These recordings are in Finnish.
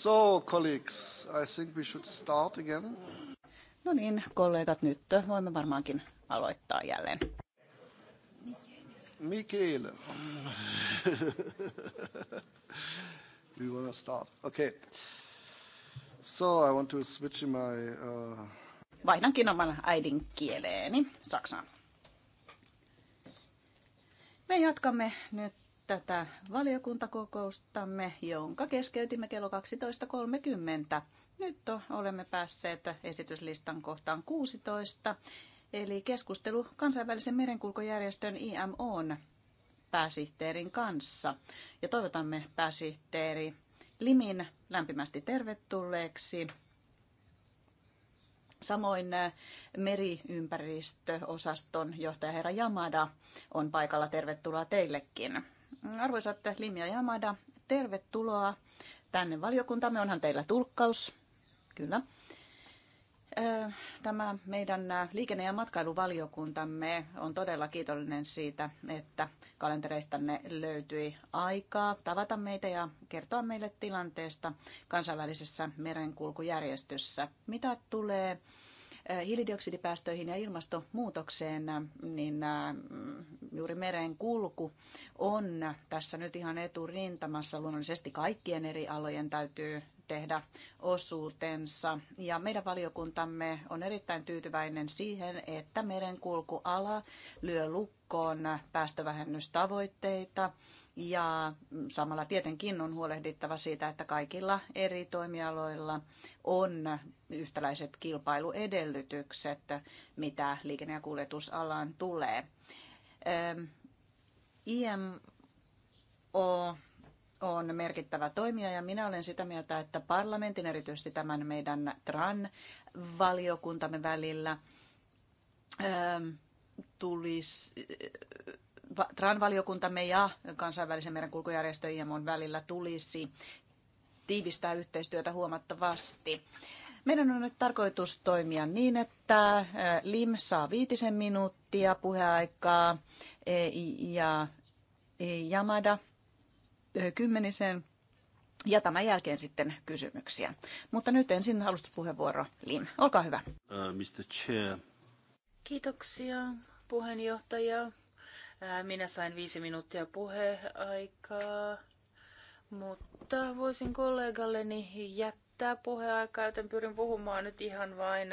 So, colleagues, I think we should start again. No niin, kollegat, nyt voimme varmaankin aloittaa jälleen. Mikael. we wanna start. Okay. So, I want to switch my... Uh... Vaihdankin oman äidinkieleeni Saksaan. Me jatkamme nyt tätä valiokuntakokoustamme, jonka keskeytimme kello 12.30. Nyt olemme päässeet esityslistan kohtaan 16, eli keskustelu kansainvälisen merenkulkojärjestön IMOn pääsihteerin kanssa. Ja toivotamme pääsihteeri Limin lämpimästi tervetulleeksi. Samoin äh, meriympäristöosaston johtaja herra Jamada on paikalla. Tervetuloa teillekin. Arvoisat Limia ja Amada, tervetuloa tänne valiokuntamme. Onhan teillä tulkkaus. Kyllä. Tämä meidän liikenne- ja matkailuvaliokuntamme on todella kiitollinen siitä, että kalentereistanne löytyi aikaa tavata meitä ja kertoa meille tilanteesta kansainvälisessä merenkulkujärjestössä. Mitä tulee Äh, hiilidioksidipäästöihin ja ilmastonmuutokseen, äh, niin äh, mm, juuri meren kulku on tässä nyt ihan eturintamassa. Luonnollisesti kaikkien eri alojen täytyy tehdä osuutensa. Ja meidän valiokuntamme on erittäin tyytyväinen siihen, että merenkulkuala lyö lukkoon päästövähennystavoitteita ja mm, samalla tietenkin on huolehdittava siitä, että kaikilla eri toimialoilla on yhtäläiset kilpailuedellytykset, mitä liikenne- ja kuljetusalaan tulee. IMO on merkittävä toimija ja minä olen sitä mieltä, että parlamentin, erityisesti tämän meidän TRAN-valiokuntamme välillä, tulisi, TRAN-valiokuntamme ja kansainvälisen merenkulkujärjestö IMOn välillä tulisi tiivistää yhteistyötä huomattavasti. Meidän on nyt tarkoitus toimia niin, että Lim saa viitisen minuuttia puheaikaa e, ja Jamada e, kymmenisen ja tämän jälkeen sitten kysymyksiä. Mutta nyt ensin alustuspuheenvuoro Lim. Olkaa hyvä. Uh, Mr. Chair. Kiitoksia puheenjohtaja. Minä sain viisi minuuttia puheaikaa, mutta voisin kollegalleni jättää riittää puheaikaa, joten pyrin puhumaan nyt ihan vain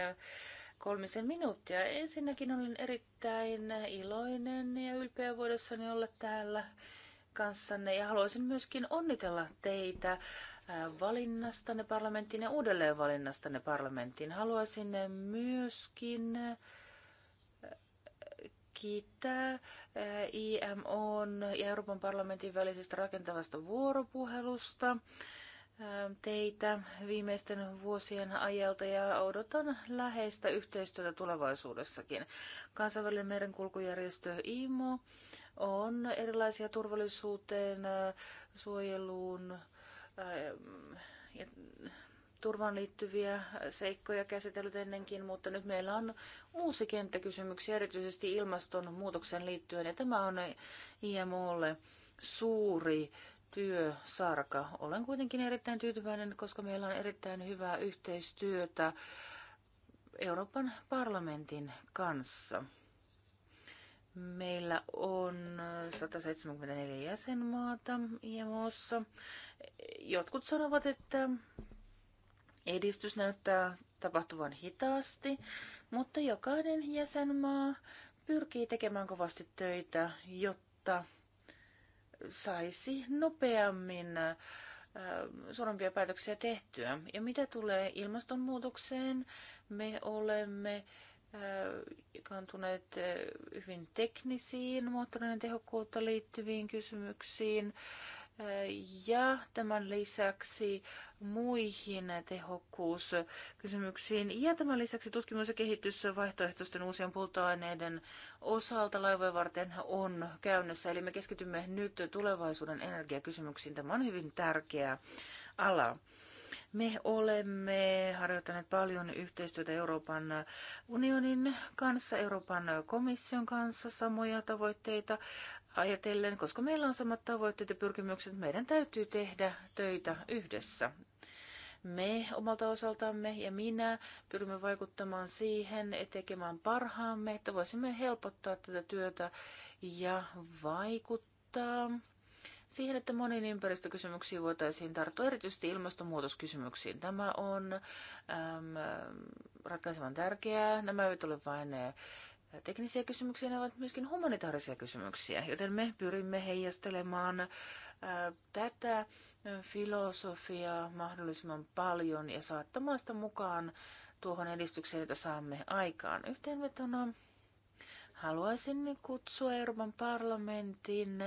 kolmisen minuuttia. Ensinnäkin olen erittäin iloinen ja ylpeä vuodessani olla täällä kanssanne ja haluaisin myöskin onnitella teitä äh, valinnastanne parlamenttiin ja uudelleen valinnastanne parlamenttiin. Haluaisin myöskin äh, kiittää äh, IMO ja Euroopan parlamentin välisestä rakentavasta vuoropuhelusta teitä viimeisten vuosien ajalta ja odotan läheistä yhteistyötä tulevaisuudessakin. Kansainvälinen merenkulkujärjestö IMO on erilaisia turvallisuuteen, suojeluun ja turvaan liittyviä seikkoja käsitellyt ennenkin, mutta nyt meillä on uusi kenttäkysymyksiä erityisesti ilmastonmuutokseen liittyen ja tämä on IMOlle suuri työsarka. Olen kuitenkin erittäin tyytyväinen, koska meillä on erittäin hyvää yhteistyötä Euroopan parlamentin kanssa. Meillä on 174 jäsenmaata IMOssa. Jotkut sanovat, että edistys näyttää tapahtuvan hitaasti, mutta jokainen jäsenmaa pyrkii tekemään kovasti töitä, jotta saisi nopeammin äh, suurempia päätöksiä tehtyä. Ja mitä tulee ilmastonmuutokseen, me olemme äh, kantuneet äh, hyvin teknisiin moottorinen tehokkuutta liittyviin kysymyksiin ja tämän lisäksi muihin tehokkuuskysymyksiin. Ja tämän lisäksi tutkimus ja kehitys vaihtoehtoisten uusien polttoaineiden osalta laivojen varten on käynnissä. Eli me keskitymme nyt tulevaisuuden energiakysymyksiin. Tämä on hyvin tärkeä ala. Me olemme harjoittaneet paljon yhteistyötä Euroopan unionin kanssa, Euroopan komission kanssa, samoja tavoitteita ajatellen, koska meillä on samat tavoitteet ja pyrkimykset, meidän täytyy tehdä töitä yhdessä. Me omalta osaltamme ja minä pyrimme vaikuttamaan siihen ja tekemään parhaamme, että voisimme helpottaa tätä työtä ja vaikuttaa siihen, että moniin ympäristökysymyksiin voitaisiin tarttua, erityisesti ilmastonmuutoskysymyksiin. Tämä on äm, ratkaisevan tärkeää. Nämä eivät ole vain teknisiä kysymyksiä, ne ovat myöskin humanitaarisia kysymyksiä, joten me pyrimme heijastelemaan äh, tätä filosofiaa mahdollisimman paljon ja saattamaan sitä mukaan tuohon edistykseen, jota saamme aikaan. Yhteenvetona haluaisin kutsua Euroopan parlamentin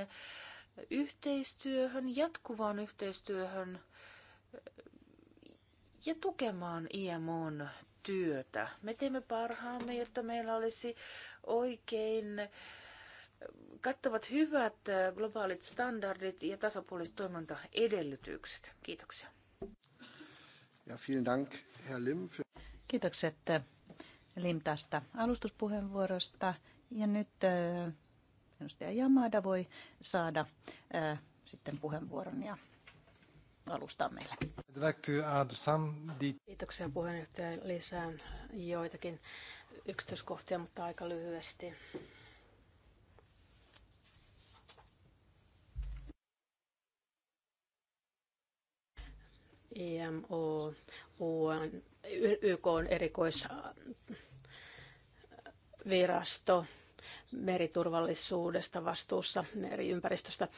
yhteistyöhön, jatkuvaan yhteistyöhön ja tukemaan IMOn työtä. Me teemme parhaamme, jotta meillä olisi oikein kattavat hyvät globaalit standardit ja tasapuoliset toimintaedellytykset. Kiitoksia. Ja vielen dank, Herr Lim. Für... Kiitokset äh, Lim tästä alustuspuheenvuorosta. Ja nyt äh, edustaja Jamada voi saada äh, sitten puheenvuoron ja alustaa meille. Kiitoksia puheenjohtaja. Lisään joitakin yksityiskohtia, mutta aika lyhyesti. IMO, UN, YK on erikoisvirasto meriturvallisuudesta vastuussa meriympäristöstä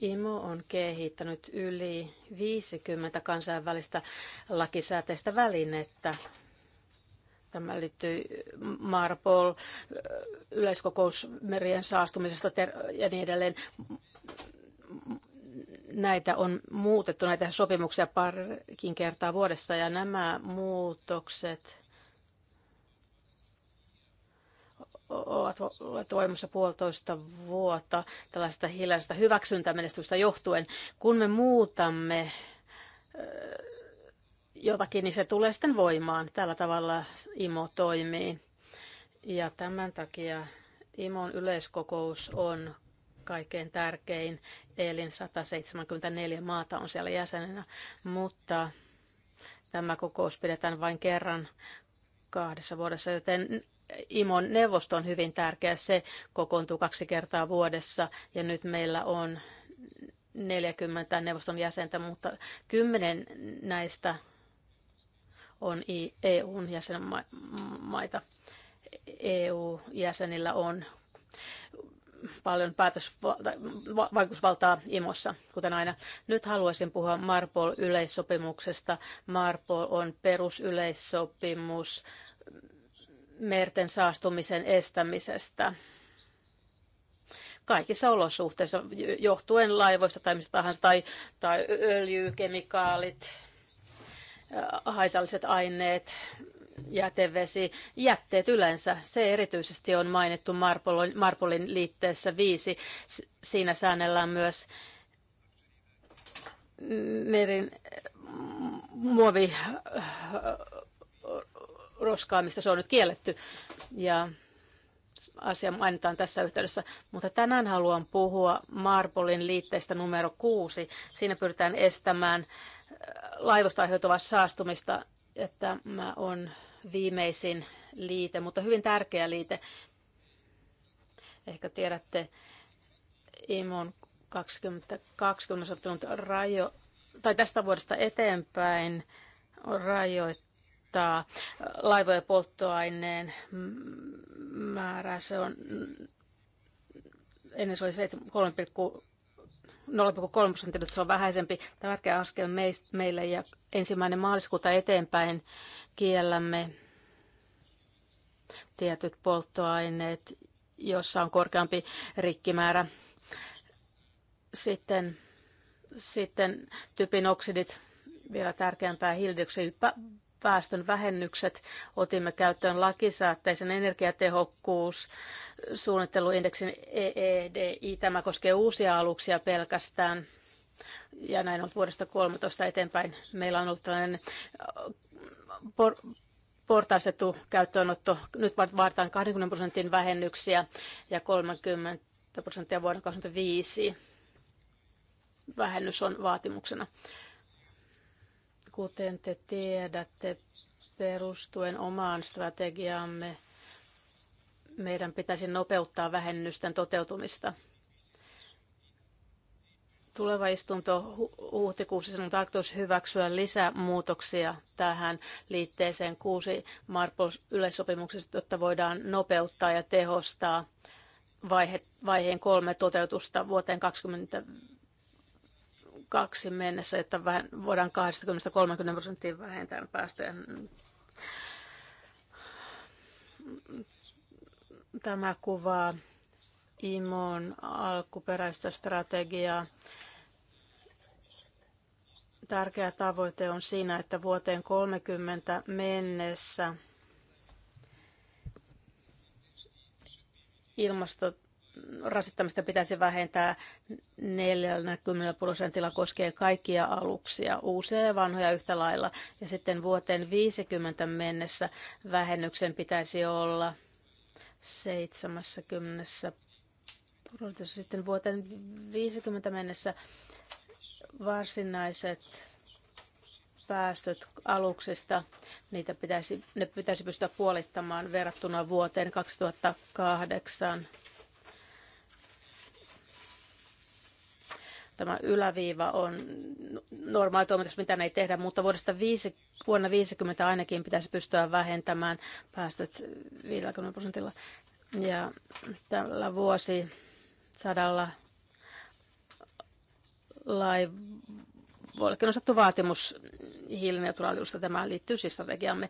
IMO on kehittänyt yli 50 kansainvälistä lakisääteistä välinettä. Tämä liittyy Marpol, yleiskokous merien saastumisesta ja niin edelleen. Näitä on muutettu, näitä sopimuksia parkin kertaa vuodessa, ja nämä muutokset – ovat olleet voimassa puolitoista vuotta tällaista hiljaisesta hyväksyntämenestystä johtuen. Kun me muutamme jotakin, niin se tulee sitten voimaan. Tällä tavalla IMO toimii. Ja tämän takia IMOn yleiskokous on kaikkein tärkein. Elin 174 maata on siellä jäsenenä, mutta tämä kokous pidetään vain kerran kahdessa vuodessa, joten IMON neuvosto on hyvin tärkeä. Se kokoontuu kaksi kertaa vuodessa ja nyt meillä on 40 neuvoston jäsentä, mutta kymmenen näistä on eu jäsenmaita. EU-jäsenillä on paljon päätösvaikutusvaltaa IMOssa, kuten aina. Nyt haluaisin puhua Marpol-yleissopimuksesta. Marpol on perusyleissopimus merten saastumisen estämisestä kaikissa olosuhteissa, johtuen laivoista tai mistä tahansa, tai, tai öljy, kemikaalit, äh, haitalliset aineet, jätevesi, jätteet yleensä. Se erityisesti on mainittu Marpolin, Marpolin liitteessä viisi. Siinä säännellään myös merin äh, muovi äh, roskaamista, se on nyt kielletty. Ja asia mainitaan tässä yhteydessä, mutta tänään haluan puhua Marpolin liitteestä numero kuusi. Siinä pyritään estämään äh, laivosta aiheutuvaa saastumista, että mä on viimeisin liite, mutta hyvin tärkeä liite. Ehkä tiedätte, IMON 2020 on rajo, tai tästä vuodesta eteenpäin on rajoittu alentaa laivojen polttoaineen määrää. Se on, ennen se oli 3,3 prosenttia, nyt se on vähäisempi. Tämä tärkeä askel meille ja ensimmäinen maaliskuuta eteenpäin kiellämme tietyt polttoaineet, jossa on korkeampi rikkimäärä. Sitten, sitten typin oksidit, vielä tärkeämpää hiilidioksidin päästön vähennykset. Otimme käyttöön lakisääteisen energiatehokkuus, suunnitteluindeksin EEDI. Tämä koskee uusia aluksia pelkästään. Ja näin on vuodesta 2013 eteenpäin. Meillä on ollut tällainen äh, por- portaistettu käyttöönotto. Nyt vaaditaan 20 prosentin vähennyksiä ja 30 prosenttia vuonna 2005 Vähennys on vaatimuksena. Kuten te tiedätte, perustuen omaan strategiaamme, meidän pitäisi nopeuttaa vähennysten toteutumista. Tuleva istunto huhtikuussa on tarkoitus hyväksyä lisämuutoksia tähän liitteeseen kuusi Marpol-yleissopimuksesta, jotta voidaan nopeuttaa ja tehostaa vaihe, vaiheen kolme toteutusta vuoteen 20 2022 mennessä, että voidaan 20-30 prosenttia vähentää päästöjä. Tämä kuvaa IMOn alkuperäistä strategiaa. Tärkeä tavoite on siinä, että vuoteen 30 mennessä ilmastot rasittamista pitäisi vähentää 40 prosentilla koskee kaikkia aluksia, uusia ja vanhoja yhtä lailla. Ja sitten vuoteen 50 mennessä vähennyksen pitäisi olla 70 prosentissa. Sitten vuoteen 50 mennessä varsinaiset päästöt aluksista, niitä pitäisi, ne pitäisi pystyä puolittamaan verrattuna vuoteen 2008 Tämä yläviiva on normaali toimitus, mitä ei tehdä, mutta vuodesta viisi, vuonna 50 ainakin pitäisi pystyä vähentämään päästöt 50 prosentilla. Ja tällä vuosi sadalla laivoillekin on sattu vaatimus hiilineutraaliudesta. Tämä liittyy siis strategiamme.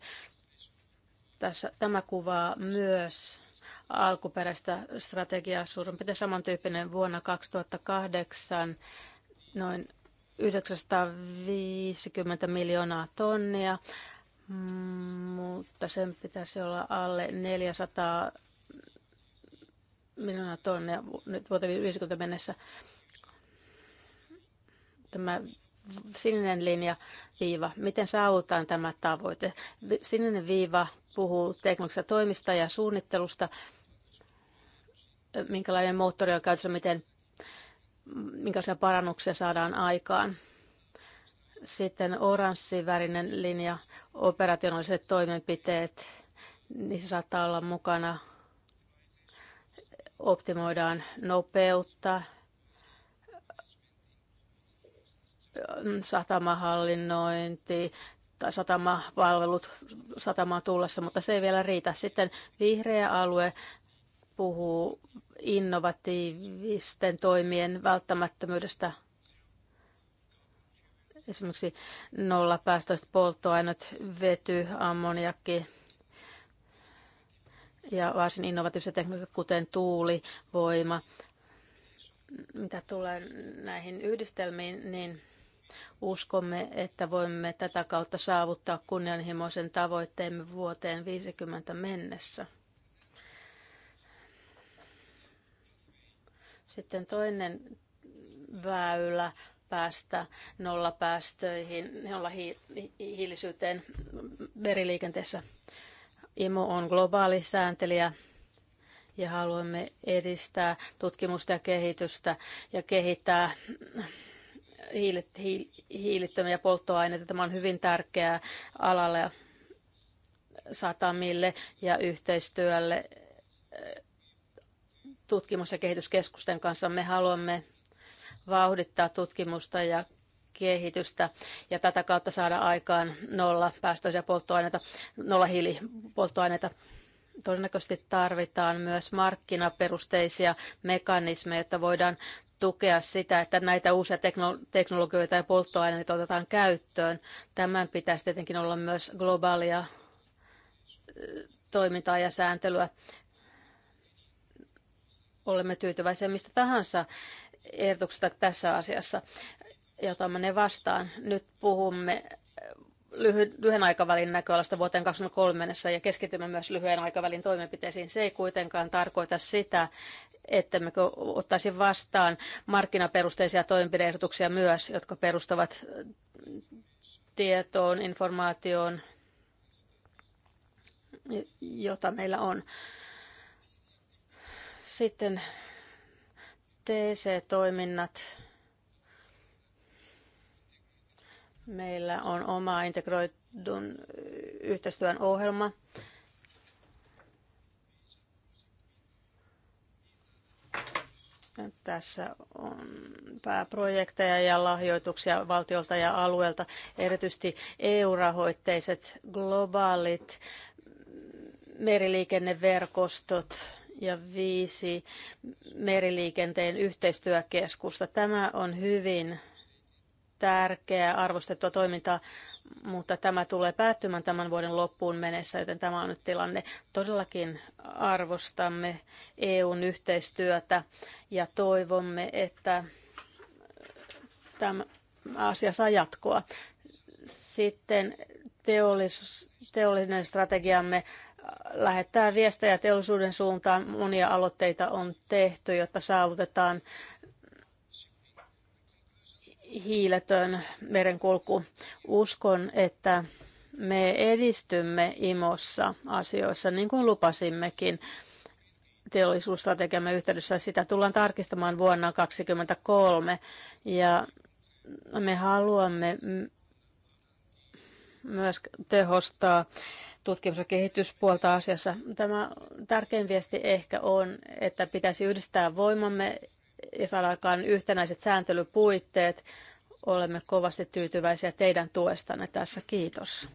Tässä, tämä kuvaa myös alkuperäistä strategiaa suurin piirtein samantyyppinen vuonna 2008 noin 950 miljoonaa tonnia, mutta sen pitäisi olla alle 400 miljoonaa tonnia nyt vuoteen 50 mennessä. Tämä sininen linja viiva, miten saavutaan tämä tavoite? Sininen viiva puhuu teknologisesta toimista ja suunnittelusta, minkälainen moottori on käytössä, miten, minkälaisia parannuksia saadaan aikaan. Sitten oranssivärinen linja, operationaaliset toimenpiteet, niissä saattaa olla mukana. Optimoidaan nopeutta, satamahallinnointi tai satamapalvelut satamaan tullessa, mutta se ei vielä riitä. Sitten vihreä alue, puhuu innovatiivisten toimien välttämättömyydestä. Esimerkiksi nollapäästöiset polttoaineet, vety, ammoniakki ja varsin innovatiiviset teknologiat, kuten tuuli, voima. Mitä tulee näihin yhdistelmiin, niin Uskomme, että voimme tätä kautta saavuttaa kunnianhimoisen tavoitteemme vuoteen 50 mennessä. Sitten toinen väylä päästä nollapäästöihin, nolla hi- hiilisyyteen meriliikenteessä. IMO on globaali sääntelijä ja haluamme edistää tutkimusta ja kehitystä ja kehittää hiilittömiä polttoaineita. Tämä on hyvin tärkeää alalle satamille ja yhteistyölle tutkimus- ja kehityskeskusten kanssa. Me haluamme vauhdittaa tutkimusta ja kehitystä ja tätä kautta saada aikaan nolla päästöisiä polttoaineita, nolla hiilipolttoaineita. Todennäköisesti tarvitaan myös markkinaperusteisia mekanismeja, jotta voidaan tukea sitä, että näitä uusia teknologioita ja polttoaineita otetaan käyttöön. Tämän pitäisi tietenkin olla myös globaalia toimintaa ja sääntelyä olemme tyytyväisiä mistä tahansa ehdotuksesta tässä asiassa ja otamme ne vastaan. Nyt puhumme eh, lyhyen aikavälin näköalasta vuoteen 2023 mennessä ja keskitymme myös lyhyen aikavälin toimenpiteisiin. Se ei kuitenkaan tarkoita sitä, että me ottaisi vastaan markkinaperusteisia toimenpideehdotuksia myös, jotka perustavat eh, tietoon, informaatioon, jota meillä on. Sitten TC-toiminnat. Meillä on oma integroidun yhteistyön ohjelma. Tässä on pääprojekteja ja lahjoituksia valtiolta ja alueelta, erityisesti EU-rahoitteiset globaalit meriliikenneverkostot ja viisi meriliikenteen yhteistyökeskusta. Tämä on hyvin tärkeää arvostettua toimintaa, mutta tämä tulee päättymään tämän vuoden loppuun mennessä, joten tämä on nyt tilanne. Todellakin arvostamme EUn yhteistyötä ja toivomme, että tämä asia saa jatkoa. Sitten teollis, teollinen strategiamme lähettää viestejä teollisuuden suuntaan. Monia aloitteita on tehty, jotta saavutetaan hiiletön merenkulku. Uskon, että me edistymme IMOssa asioissa, niin kuin lupasimmekin teollisuusstrategiamme yhteydessä. Sitä tullaan tarkistamaan vuonna 2023 ja me haluamme myös tehostaa tutkimus- ja kehityspuolta asiassa. Tämä tärkein viesti ehkä on, että pitäisi yhdistää voimamme ja saada aikaan yhtenäiset sääntelypuitteet. Olemme kovasti tyytyväisiä teidän tuestanne tässä. Kiitos.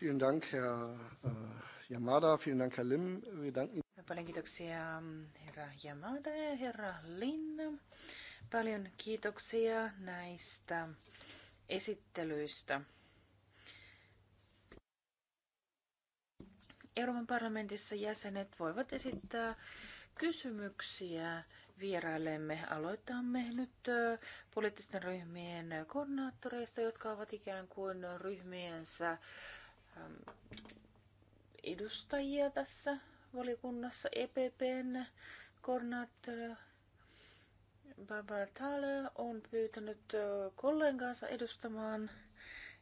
Vielen Dank, Herr äh, Yamada. Vielen Dank, Herr Lim. Wir danken Paljon kiitoksia, ähm, herra Yamada ja herra Lin. Paljon kiitoksia näistä esittelyistä. Euroopan parlamentissa jäsenet voivat esittää kysymyksiä vieraillemme. Aloitamme nyt poliittisten ryhmien koordinaattoreista, jotka ovat ikään kuin ryhmiensä edustajia tässä valiokunnassa. EPPn koordinaattori Barbara Thaler on pyytänyt kollegansa edustamaan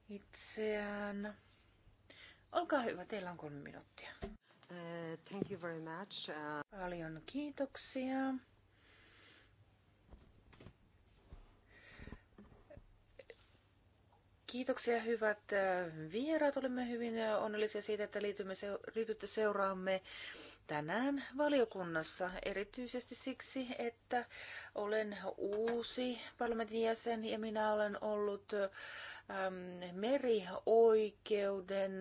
itseään. Olkaa hyvä, teillä on kolme minuuttia. Uh, thank you very much. Uh... Paljon kiitoksia. Kiitoksia hyvät vieraat. Olemme hyvin onnellisia siitä, että liitymme, liitytte seuraamme tänään valiokunnassa erityisesti siksi, että olen uusi parlamentin jäsen ja minä olen ollut ähm, merioikeuden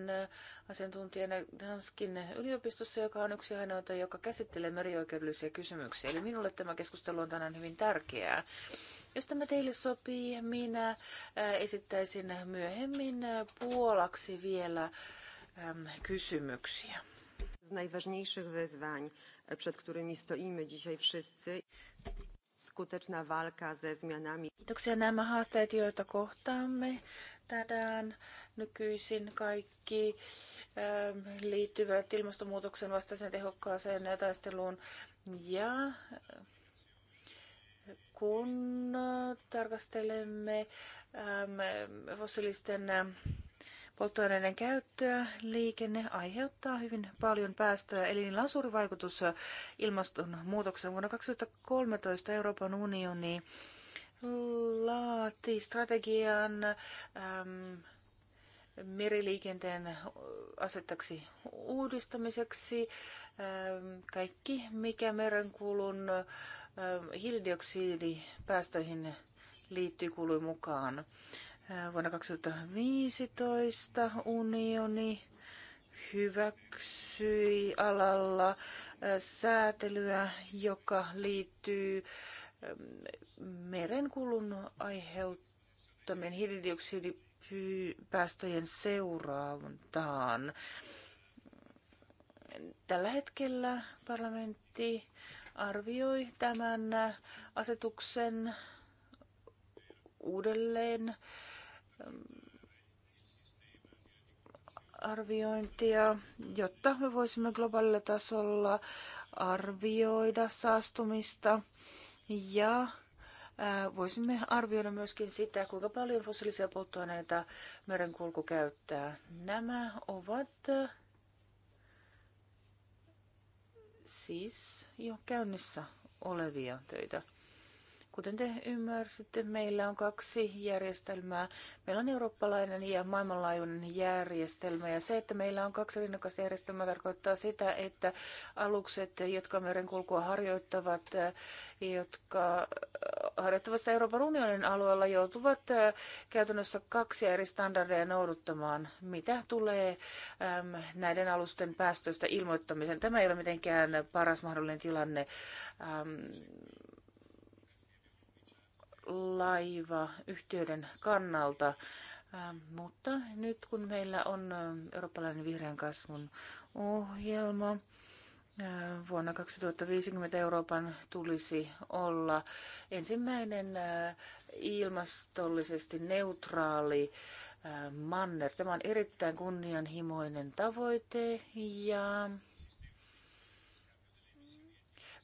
asiantuntijana Danskin yliopistossa, joka on yksi ainoita, joka käsittelee merioikeudellisia kysymyksiä. Eli minulle tämä keskustelu on tänään hyvin tärkeää. Jos tämä teille sopii, minä äh, esittäisin myöhemmin äh, puolaksi vielä kysymyksiä z najważniejszych wyzwań, e, przed którymi stoimy dzisiaj wszyscy. Skuteczna walka ze zmianami. Kiitoksia nämä haasteet, joita kohtaamme tänään nykyisin kaikki ähm, liittyvät ilmastonmuutoksen vastaiseen tehokkaaseen taisteluun. Ja äh, kun tarkastelemme ähm, fossiilisten äh, polttoaineiden käyttöä. Liikenne aiheuttaa hyvin paljon päästöjä, eli niillä on suuri vaikutus ilmastonmuutokseen. Vuonna 2013 Euroopan unioni laati strategian äm, meriliikenteen asettaksi uudistamiseksi. Äm, kaikki, mikä merenkulun äm, hiilidioksidipäästöihin liittyy, kuului mukaan. Vuonna 2015 unioni hyväksyi alalla säätelyä, joka liittyy merenkulun aiheuttamien hiilidioksidipäästöjen seurantaan. Tällä hetkellä parlamentti arvioi tämän asetuksen uudelleen arviointia, jotta me voisimme globaalilla tasolla arvioida saastumista ja voisimme arvioida myöskin sitä, kuinka paljon fossiilisia polttoaineita merenkulku käyttää. Nämä ovat siis jo käynnissä olevia töitä. Kuten te ymmärsitte, meillä on kaksi järjestelmää. Meillä on eurooppalainen ja maailmanlaajuinen järjestelmä. Ja se, että meillä on kaksi rinnakkaista järjestelmää, tarkoittaa sitä, että alukset, jotka merenkulkua harjoittavat, jotka sitä Euroopan unionin alueella joutuvat käytännössä kaksi eri standardeja noudattamaan, mitä tulee näiden alusten päästöistä ilmoittamiseen. Tämä ei ole mitenkään paras mahdollinen tilanne laivayhtiöiden kannalta. Mutta nyt kun meillä on eurooppalainen vihreän kasvun ohjelma, vuonna 2050 Euroopan tulisi olla ensimmäinen ilmastollisesti neutraali manner. Tämä on erittäin kunnianhimoinen tavoite ja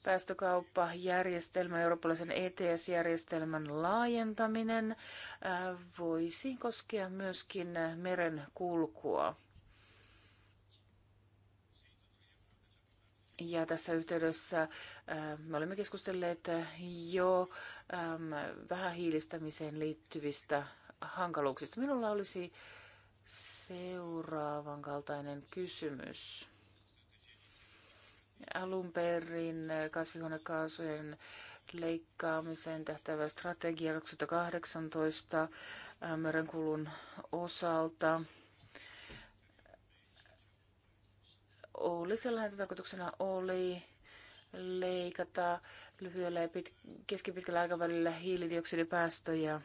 päästökauppajärjestelmä, eurooppalaisen ETS-järjestelmän laajentaminen äh, voisi koskea myöskin meren kulkua. Ja tässä yhteydessä äh, me olemme keskustelleet jo ähm, vähähiilistämiseen liittyvistä hankaluuksista. Minulla olisi seuraavan kaltainen kysymys alun perin äh, kasvihuonekaasujen leikkaamiseen tähtävä strategia 2018 äh, merenkulun osalta oli sellainen, että tarkoituksena oli leikata lyhyellä ja pit- keskipitkällä aikavälillä hiilidioksidipäästöjä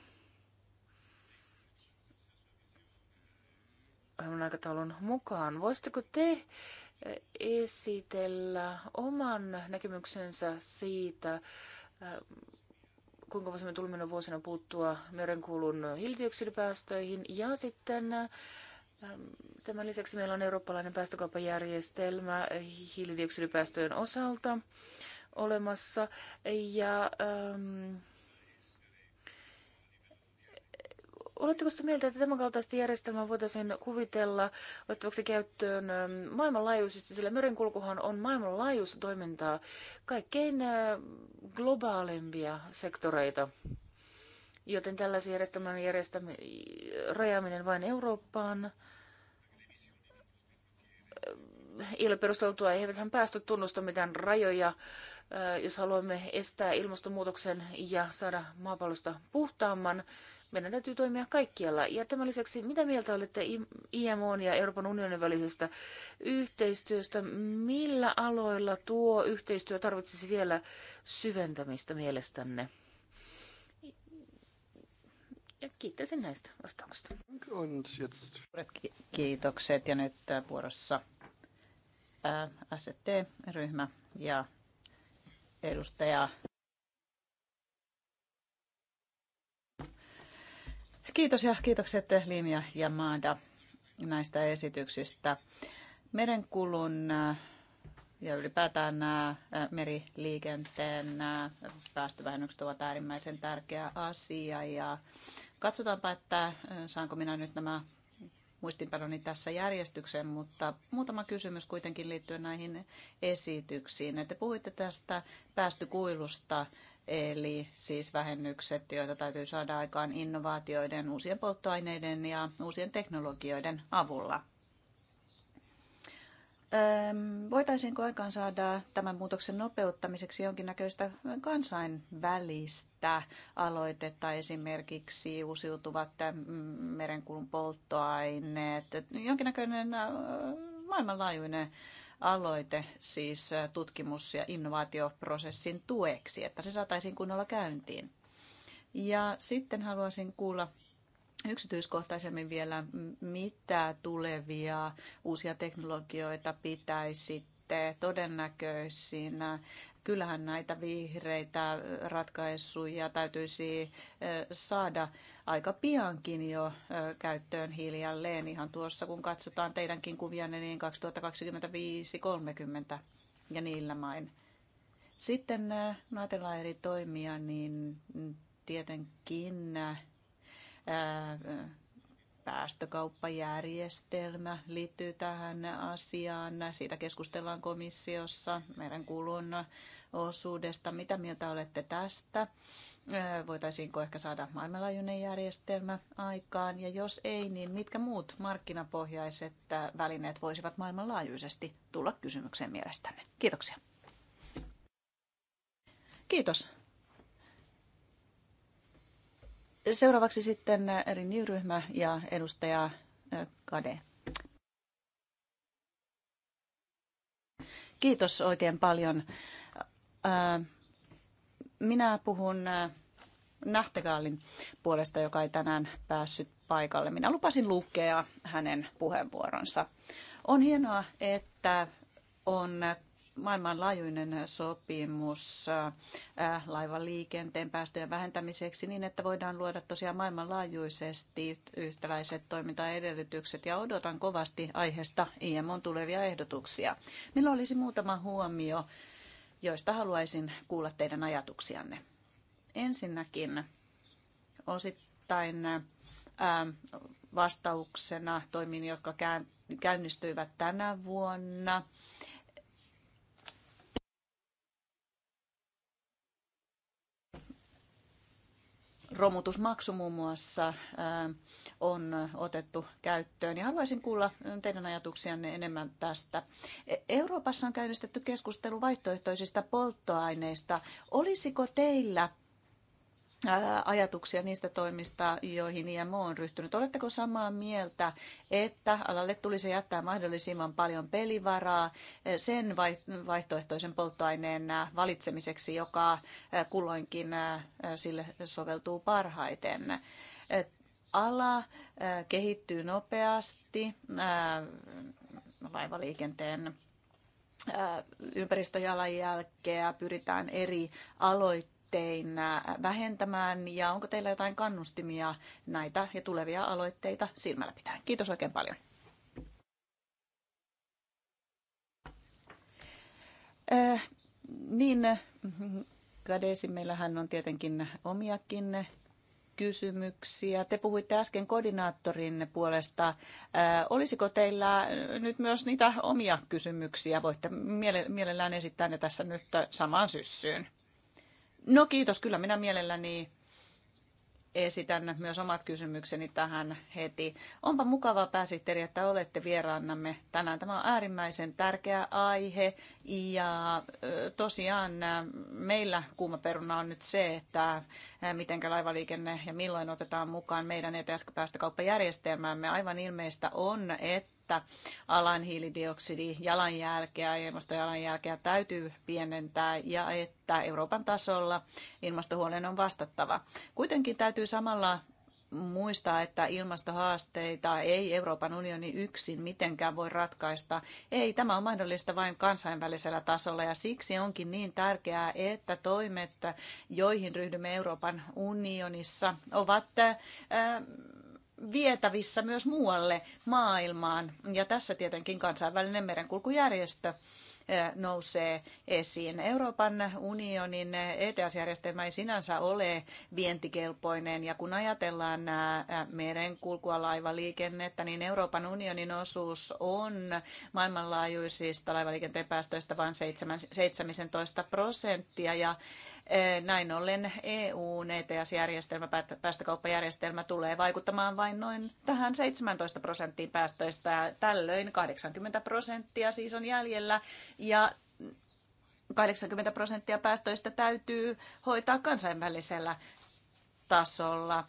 ohjelman aikataulun mukaan. Voisitteko te esitellä oman näkemyksensä siitä, kuinka voisimme tulmina vuosina puuttua merenkulun hiilidioksidipäästöihin. Ja sitten ähm, tämän lisäksi meillä on eurooppalainen päästökauppajärjestelmä hiilidioksidipäästöjen osalta olemassa. Ja ähm, Oletteko sitä mieltä, että tämänkaltaista järjestelmää voitaisiin kuvitella ottavaksi käyttöön ähm, maailmanlaajuisesti, sillä merenkulkuhan on maailmanlaajuista toimintaa kaikkein äh, globaalimpia sektoreita. Joten tällaisen järjestelmän järjestäminen, rajaaminen vain Eurooppaan äh, ei ole perusteltua. Eiväthän päästöt tunnusta mitään rajoja äh, jos haluamme estää ilmastonmuutoksen ja saada maapallosta puhtaamman, meidän täytyy toimia kaikkialla. Ja tämän lisäksi, mitä mieltä olette IMO ja Euroopan unionin välisestä yhteistyöstä? Millä aloilla tuo yhteistyö tarvitsisi vielä syventämistä mielestänne? Ja kiittäisin näistä vastauksista. Kiitokset ja nyt äh, vuorossa äh, ST-ryhmä ja edustaja Kiitos ja kiitokset Lim ja Yamada näistä esityksistä. Merenkulun äh, ja ylipäätään äh, meriliikenteen äh, päästövähennykset ovat äärimmäisen tärkeä asia. Ja katsotaanpa, että saanko minä nyt nämä muistinpanoni tässä järjestykseen, mutta muutama kysymys kuitenkin liittyen näihin esityksiin. Te puhuitte tästä päästökuilusta Eli siis vähennykset, joita täytyy saada aikaan innovaatioiden, uusien polttoaineiden ja uusien teknologioiden avulla. Voitaisiinko aikaan saada tämän muutoksen nopeuttamiseksi jonkinnäköistä kansainvälistä aloitetta, esimerkiksi uusiutuvat mm, merenkulun polttoaineet, jonkinnäköinen maailmanlaajuinen aloite siis tutkimus- ja innovaatioprosessin tueksi, että se saataisiin kunnolla käyntiin. Ja sitten haluaisin kuulla yksityiskohtaisemmin vielä, mitä tulevia uusia teknologioita pitäisi pidätte todennäköisinä? Kyllähän näitä vihreitä ratkaisuja täytyisi saada aika piankin jo käyttöön hiljalleen. Ihan tuossa, kun katsotaan teidänkin kuvianne, niin 2025-30 ja niillä main. Sitten kun ajatellaan eri toimia, niin tietenkin päästökauppajärjestelmä liittyy tähän asiaan. Siitä keskustellaan komissiossa meidän kulun osuudesta. Mitä mieltä olette tästä? Voitaisiinko ehkä saada maailmanlaajuinen järjestelmä aikaan? Ja jos ei, niin mitkä muut markkinapohjaiset välineet voisivat maailmanlaajuisesti tulla kysymykseen mielestänne? Kiitoksia. Kiitos. Seuraavaksi sitten eri ryhmä ja edustaja Kade. Kiitos oikein paljon. Minä puhun Nähtegaalin puolesta, joka ei tänään päässyt paikalle. Minä lupasin lukea hänen puheenvuoronsa. On hienoa, että on maailmanlaajuinen sopimus äh, laivaliikenteen päästöjen vähentämiseksi niin, että voidaan luoda tosiaan maailmanlaajuisesti yhtäläiset toimintaedellytykset ja odotan kovasti aiheesta IMOn tulevia ehdotuksia. Minulla olisi muutama huomio, joista haluaisin kuulla teidän ajatuksianne. Ensinnäkin osittain äh, vastauksena toimiin, jotka kääntyvät käynnistyivät tänä vuonna. romutusmaksu muun muassa on otettu käyttöön. Ja haluaisin kuulla teidän ajatuksianne enemmän tästä. E- Euroopassa on käynnistetty keskustelu vaihtoehtoisista polttoaineista. Olisiko teillä ajatuksia niistä toimista, joihin IMO on ryhtynyt. Oletteko samaa mieltä, että alalle tulisi jättää mahdollisimman paljon pelivaraa sen vaihtoehtoisen polttoaineen valitsemiseksi, joka kulloinkin sille soveltuu parhaiten? Ala kehittyy nopeasti laivaliikenteen ympäristöjalanjälkeä, pyritään eri aloittamaan tein vähentämään ja onko teillä jotain kannustimia näitä ja tulevia aloitteita silmällä pitäen? Kiitos oikein paljon. Äh, niin, Kadesi, meillähän on tietenkin omiakin kysymyksiä. Te puhuitte äsken koordinaattorin puolesta. Äh, olisiko teillä nyt myös niitä omia kysymyksiä? Voitte mielellään esittää ne tässä nyt samaan syssyyn. No kiitos, kyllä minä mielelläni esitän myös omat kysymykseni tähän heti. Onpa mukavaa pääsihteeri, että olette vieraannamme tänään. Tämä on äärimmäisen tärkeä aihe ja tosiaan meillä kuuma peruna on nyt se, että miten laivaliikenne ja milloin otetaan mukaan meidän ETS-päästökauppajärjestelmäämme. Aivan ilmeistä on, että että alan hiilidioksidijalanjälkeä ja ilmastojalanjälkeä täytyy pienentää ja että Euroopan tasolla ilmastohuolen on vastattava. Kuitenkin täytyy samalla muistaa, että ilmastohaasteita ei Euroopan unioni yksin mitenkään voi ratkaista. Ei, tämä on mahdollista vain kansainvälisellä tasolla ja siksi onkin niin tärkeää, että toimet, joihin ryhdymme Euroopan unionissa, ovat äh, vietävissä myös muualle maailmaan. Ja tässä tietenkin kansainvälinen merenkulkujärjestö eh, nousee esiin. Euroopan unionin eh, ETS-järjestelmä ei sinänsä ole vientikelpoinen ja kun ajatellaan eh, merenkulkua, laivaliikennettä, niin Euroopan unionin osuus on maailmanlaajuisista laivaliikenteen päästöistä vain 17 prosenttia ja Eh, näin ollen EUn ETS-järjestelmä, päästökauppajärjestelmä tulee vaikuttamaan vain noin tähän 17 prosenttiin päästöistä. Tällöin 80 prosenttia siis on jäljellä ja 80 prosenttia päästöistä täytyy hoitaa kansainvälisellä tasolla.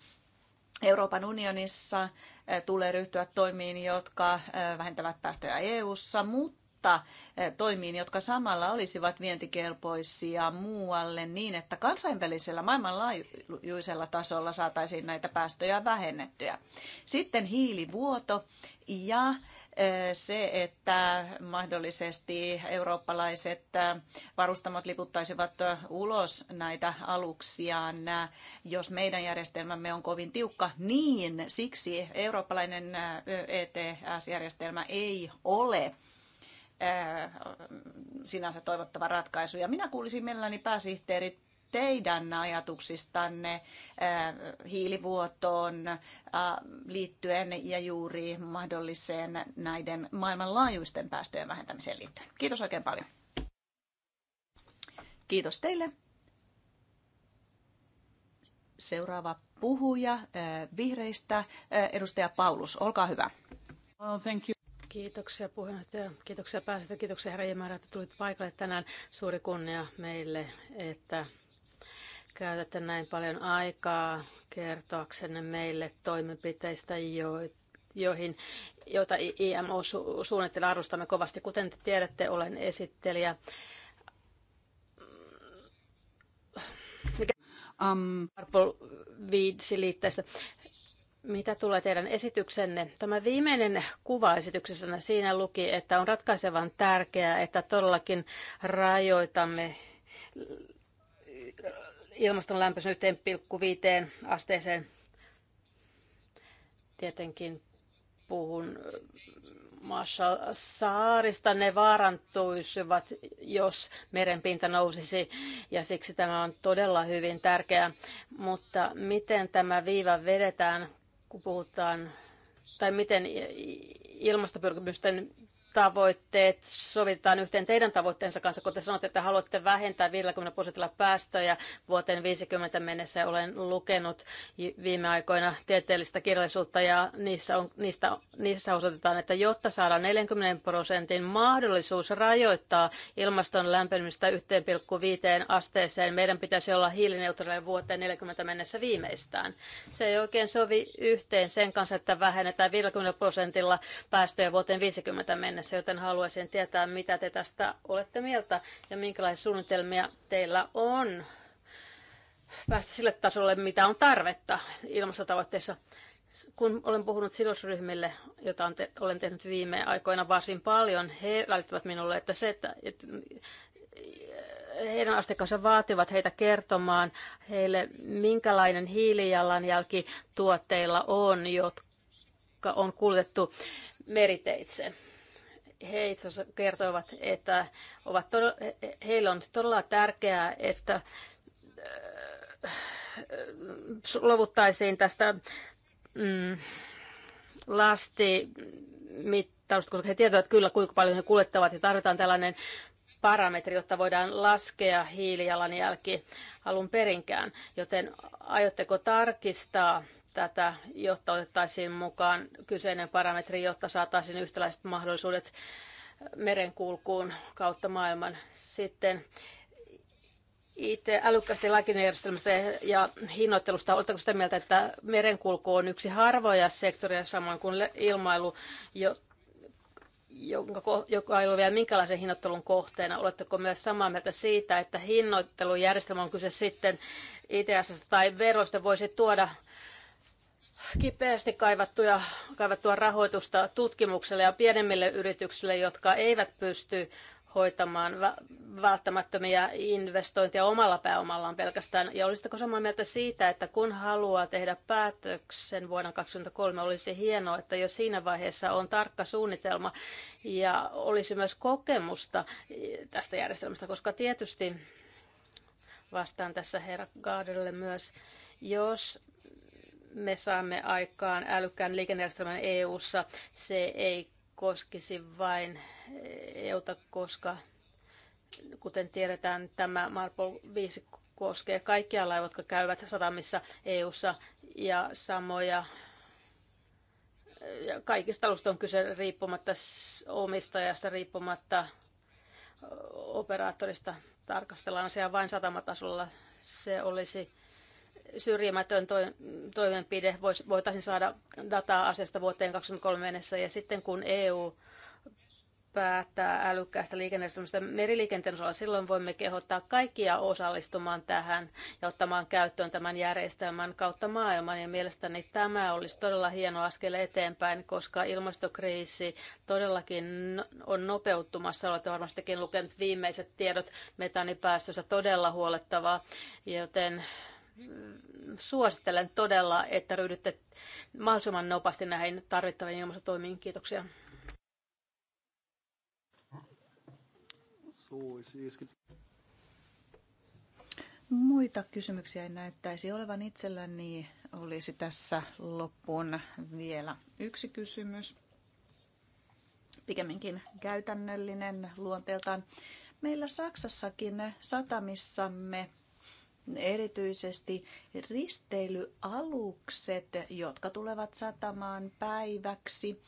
Euroopan unionissa eh, tulee ryhtyä toimiin, jotka eh, vähentävät päästöjä EU-ssa, mutta kohta eh, toimiin, jotka samalla olisivat vientikelpoisia muualle niin, että kansainvälisellä maailmanlaajuisella tasolla saataisiin näitä päästöjä vähennettyä. Sitten hiilivuoto ja eh, se, että mahdollisesti eurooppalaiset eh, varustamot liputtaisivat ulos näitä aluksiaan, jos meidän järjestelmämme on kovin tiukka, niin siksi eurooppalainen ETS-järjestelmä e ei ole Äh, sinänsä toivottava ratkaisu. Ja minä kuulisin mielelläni pääsihteeri teidän ajatuksistanne äh, hiilivuotoon äh, liittyen ja juuri mahdolliseen näiden maailmanlaajuisten päästöjen vähentämiseen liittyen. Kiitos oikein paljon. Kiitos teille. Seuraava puhuja vihreistä, edustaja Paulus, olkaa hyvä. thank you. Kiitoksia puheenjohtaja, kiitoksia päästä, kiitoksia herra Jemärä, että tulit paikalle tänään. Suuri kunnia meille, että käytätte näin paljon aikaa kertoaksenne meille toimenpiteistä, joihin, joita IMO suunnittelee arvostamme kovasti. Kuten te tiedätte, olen esittelijä. Mikä? Um. Purple weeds mitä tulee teidän esityksenne? Tämä viimeinen kuva esityksessänne siinä luki, että on ratkaisevan tärkeää, että todellakin rajoitamme ilmaston lämpöisen 1,5 asteeseen. Tietenkin puhun maassa saarista, ne vaarantuisivat, jos merenpinta nousisi, ja siksi tämä on todella hyvin tärkeää. Mutta miten tämä viiva vedetään, kun puhutaan, tai miten ilmastopyrkimysten tavoitteet sovitetaan yhteen teidän tavoitteensa kanssa, kun te sanotte, että haluatte vähentää 50 prosentilla päästöjä vuoteen 50 mennessä. Olen lukenut viime aikoina tieteellistä kirjallisuutta ja niissä, on, niistä, niissä osoitetaan, että jotta saadaan 40 prosentin mahdollisuus rajoittaa ilmaston lämpenemistä 1,5 asteeseen, meidän pitäisi olla hiilineutraali vuoteen 40 mennessä viimeistään. Se ei oikein sovi yhteen sen kanssa, että vähennetään 50 prosentilla päästöjä vuoteen 50 mennessä kanssa, joten haluaisin tietää, mitä te tästä olette mieltä ja minkälaisia suunnitelmia teillä on päästä sille tasolle, mitä on tarvetta ilmastotavoitteissa. Kun olen puhunut sidosryhmille, jota te, olen tehnyt viime aikoina varsin paljon, he välittävät minulle, että se, että, että heidän asteikkansa vaativat heitä kertomaan heille, minkälainen hiilijalanjälki tuotteilla on, jotka on kuljetettu meriteitse he itse asiassa kertoivat, että ovat todella, heillä on todella tärkeää, että äh, luovuttaisiin tästä mm, lastimittausta, koska he tietävät kyllä, kuinka paljon he kuljettavat ja tarvitaan tällainen parametri, jotta voidaan laskea hiilijalanjälki alun perinkään. Joten aiotteko tarkistaa tätä, jotta otettaisiin mukaan kyseinen parametri, jotta saataisiin yhtäläiset mahdollisuudet merenkulkuun kautta maailman. Sitten itse älykkästi lakinejärjestelmästä ja hinnoittelusta, oletteko sitä mieltä, että merenkulku on yksi harvoja sektoria samoin kuin ilmailu, jo, jonka, joka ei ole vielä minkälaisen hinnoittelun kohteena? Oletteko myös samaa mieltä siitä, että hinnoittelujärjestelmä on kyse sitten ITS tai veroista voisi tuoda kipeästi kaivattuja, kaivattua rahoitusta tutkimukselle ja pienemmille yrityksille, jotka eivät pysty hoitamaan välttämättömiä investointeja omalla pääomallaan pelkästään. Ja olisitteko samaa mieltä siitä, että kun haluaa tehdä päätöksen vuonna 2023, olisi hienoa, että jo siinä vaiheessa on tarkka suunnitelma ja olisi myös kokemusta tästä järjestelmästä, koska tietysti vastaan tässä herra Gaardelle myös, jos me saamme aikaan älykkään liikennejärjestelmän EU-ssa, se ei koskisi vain EUta, koska kuten tiedetään, tämä Marpol 5 koskee kaikkia laivoja, jotka käyvät satamissa EU:ssa ja samoja ja kaikista alusta on kyse riippumatta omistajasta, riippumatta operaattorista. Tarkastellaan asiaa vain satamatasolla. Se olisi syrjimätön toimenpide, voitaisiin saada dataa asiasta vuoteen 2023 mennessä. Ja sitten kun EU päättää älykkäästä liikennesuunnitelmasta meriliikenteen osalla, silloin voimme kehottaa kaikkia osallistumaan tähän ja ottamaan käyttöön tämän järjestelmän kautta maailman. Ja mielestäni tämä olisi todella hieno askel eteenpäin, koska ilmastokriisi todellakin on nopeuttumassa. Olette varmastikin lukenut viimeiset tiedot metanipäästöstä todella huolettavaa, joten suosittelen todella, että ryhdytte mahdollisimman nopeasti näihin tarvittaviin ilmastotoimiin. Kiitoksia. Muita kysymyksiä ei näyttäisi olevan itselläni. Olisi tässä loppuun vielä yksi kysymys, pikemminkin käytännöllinen luonteeltaan. Meillä Saksassakin satamissamme erityisesti risteilyalukset, jotka tulevat satamaan päiväksi,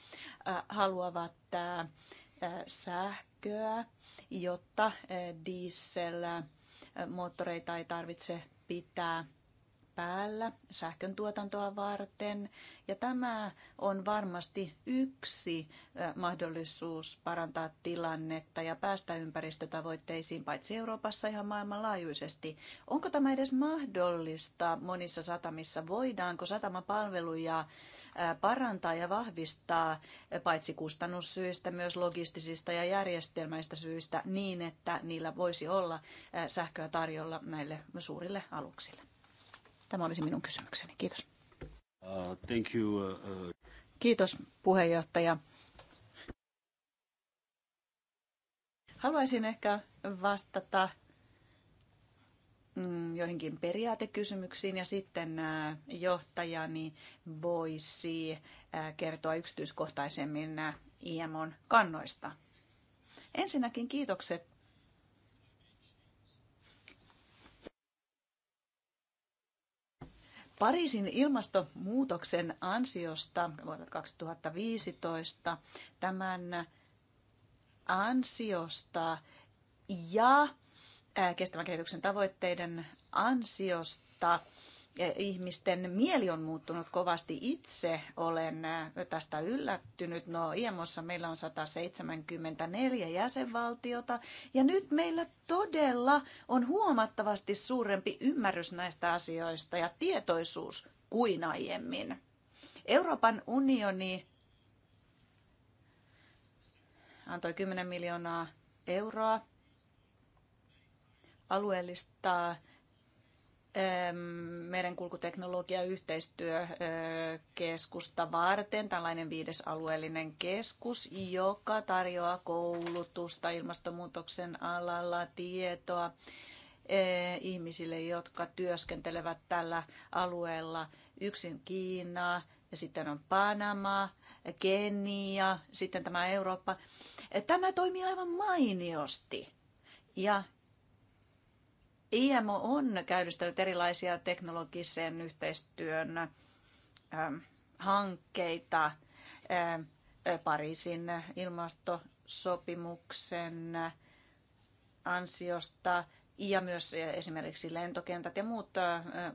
haluavat sähköä, jotta diesel moottoreita ei tarvitse pitää päällä sähkön tuotantoa varten. Ja tämä on varmasti yksi mahdollisuus parantaa tilannetta ja päästä ympäristötavoitteisiin paitsi Euroopassa ihan maailmanlaajuisesti. Onko tämä edes mahdollista monissa satamissa? Voidaanko satamapalveluja parantaa ja vahvistaa paitsi kustannussyistä, myös logistisista ja järjestelmäistä syistä niin, että niillä voisi olla sähköä tarjolla näille suurille aluksille. Tämä olisi minun kysymykseni. Kiitos. Uh, thank you, uh, uh... Kiitos puheenjohtaja. Haluaisin ehkä vastata mm, joihinkin periaatekysymyksiin ja sitten äh, johtajani voisi äh, kertoa yksityiskohtaisemmin äh, IMOn kannoista. Ensinnäkin kiitokset Pariisin ilmastonmuutoksen ansiosta vuonna 2015 tämän ansiosta ja kestävän kehityksen tavoitteiden ansiosta ihmisten mieli on muuttunut kovasti. Itse olen tästä yllättynyt. No IEMOssa meillä on 174 jäsenvaltiota ja nyt meillä todella on huomattavasti suurempi ymmärrys näistä asioista ja tietoisuus kuin aiemmin. Euroopan unioni antoi 10 miljoonaa euroa alueellista merenkulkuteknologiayhteistyökeskusta varten, tällainen viides alueellinen keskus, joka tarjoaa koulutusta ilmastonmuutoksen alalla, tietoa ihmisille, jotka työskentelevät tällä alueella. Yksin Kiinaa, ja sitten on Panama, Kenia, sitten tämä Eurooppa. Tämä toimii aivan mainiosti. Ja IMO on käynnistänyt erilaisia teknologisen yhteistyön ähm, hankkeita ähm, Pariisin ilmastosopimuksen ansiosta ja myös esimerkiksi lentokentät ja muut,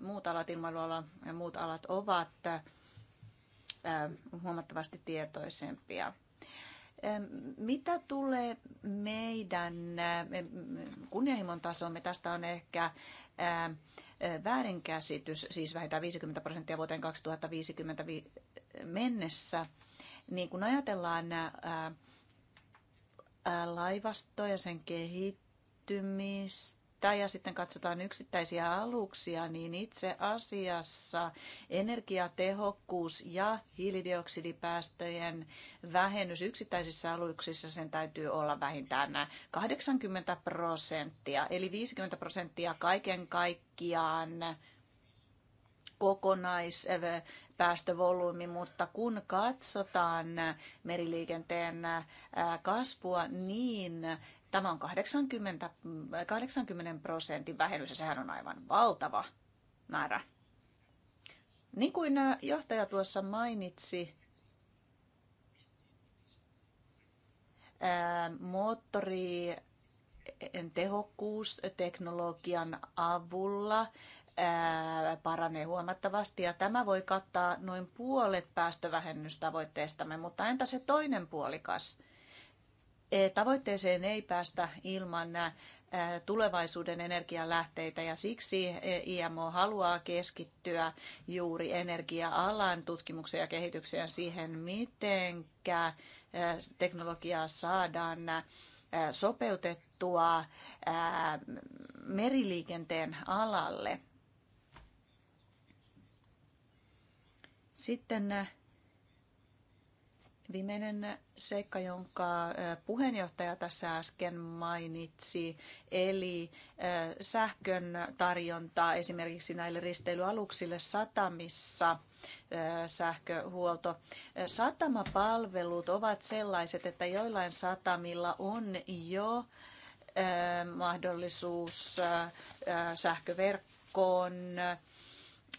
muut alat, ilmailualla ja muut alat ovat huomattavasti tietoisempia. Mitä tulee meidän kunnianhimon tasomme, tästä on ehkä väärinkäsitys, siis vähintään 50 prosenttia vuoteen 2050 mennessä, niin kun ajatellaan laivastoa ja sen kehittymistä, tai ja sitten katsotaan yksittäisiä aluksia, niin itse asiassa energiatehokkuus ja hiilidioksidipäästöjen vähennys yksittäisissä aluksissa sen täytyy olla vähintään 80 prosenttia, eli 50 prosenttia kaiken kaikkiaan kokonaispäästövolyymi, mutta kun katsotaan meriliikenteen kasvua, niin Tämä on 80, 80 prosentin vähennys ja sehän on aivan valtava määrä. Niin kuin johtaja tuossa mainitsi, moottori tehokkuusteknologian avulla paranee huomattavasti ja tämä voi kattaa noin puolet päästövähennystavoitteestamme, mutta entä se toinen puolikas? tavoitteeseen ei päästä ilman tulevaisuuden energialähteitä ja siksi IMO haluaa keskittyä juuri energia-alan tutkimukseen ja kehitykseen siihen, miten teknologiaa saadaan sopeutettua meriliikenteen alalle. Sitten Viimeinen seikka, jonka puheenjohtaja tässä äsken mainitsi, eli sähkön tarjonta esimerkiksi näille risteilyaluksille satamissa, sähköhuolto. Satamapalvelut ovat sellaiset, että joillain satamilla on jo mahdollisuus sähköverkkoon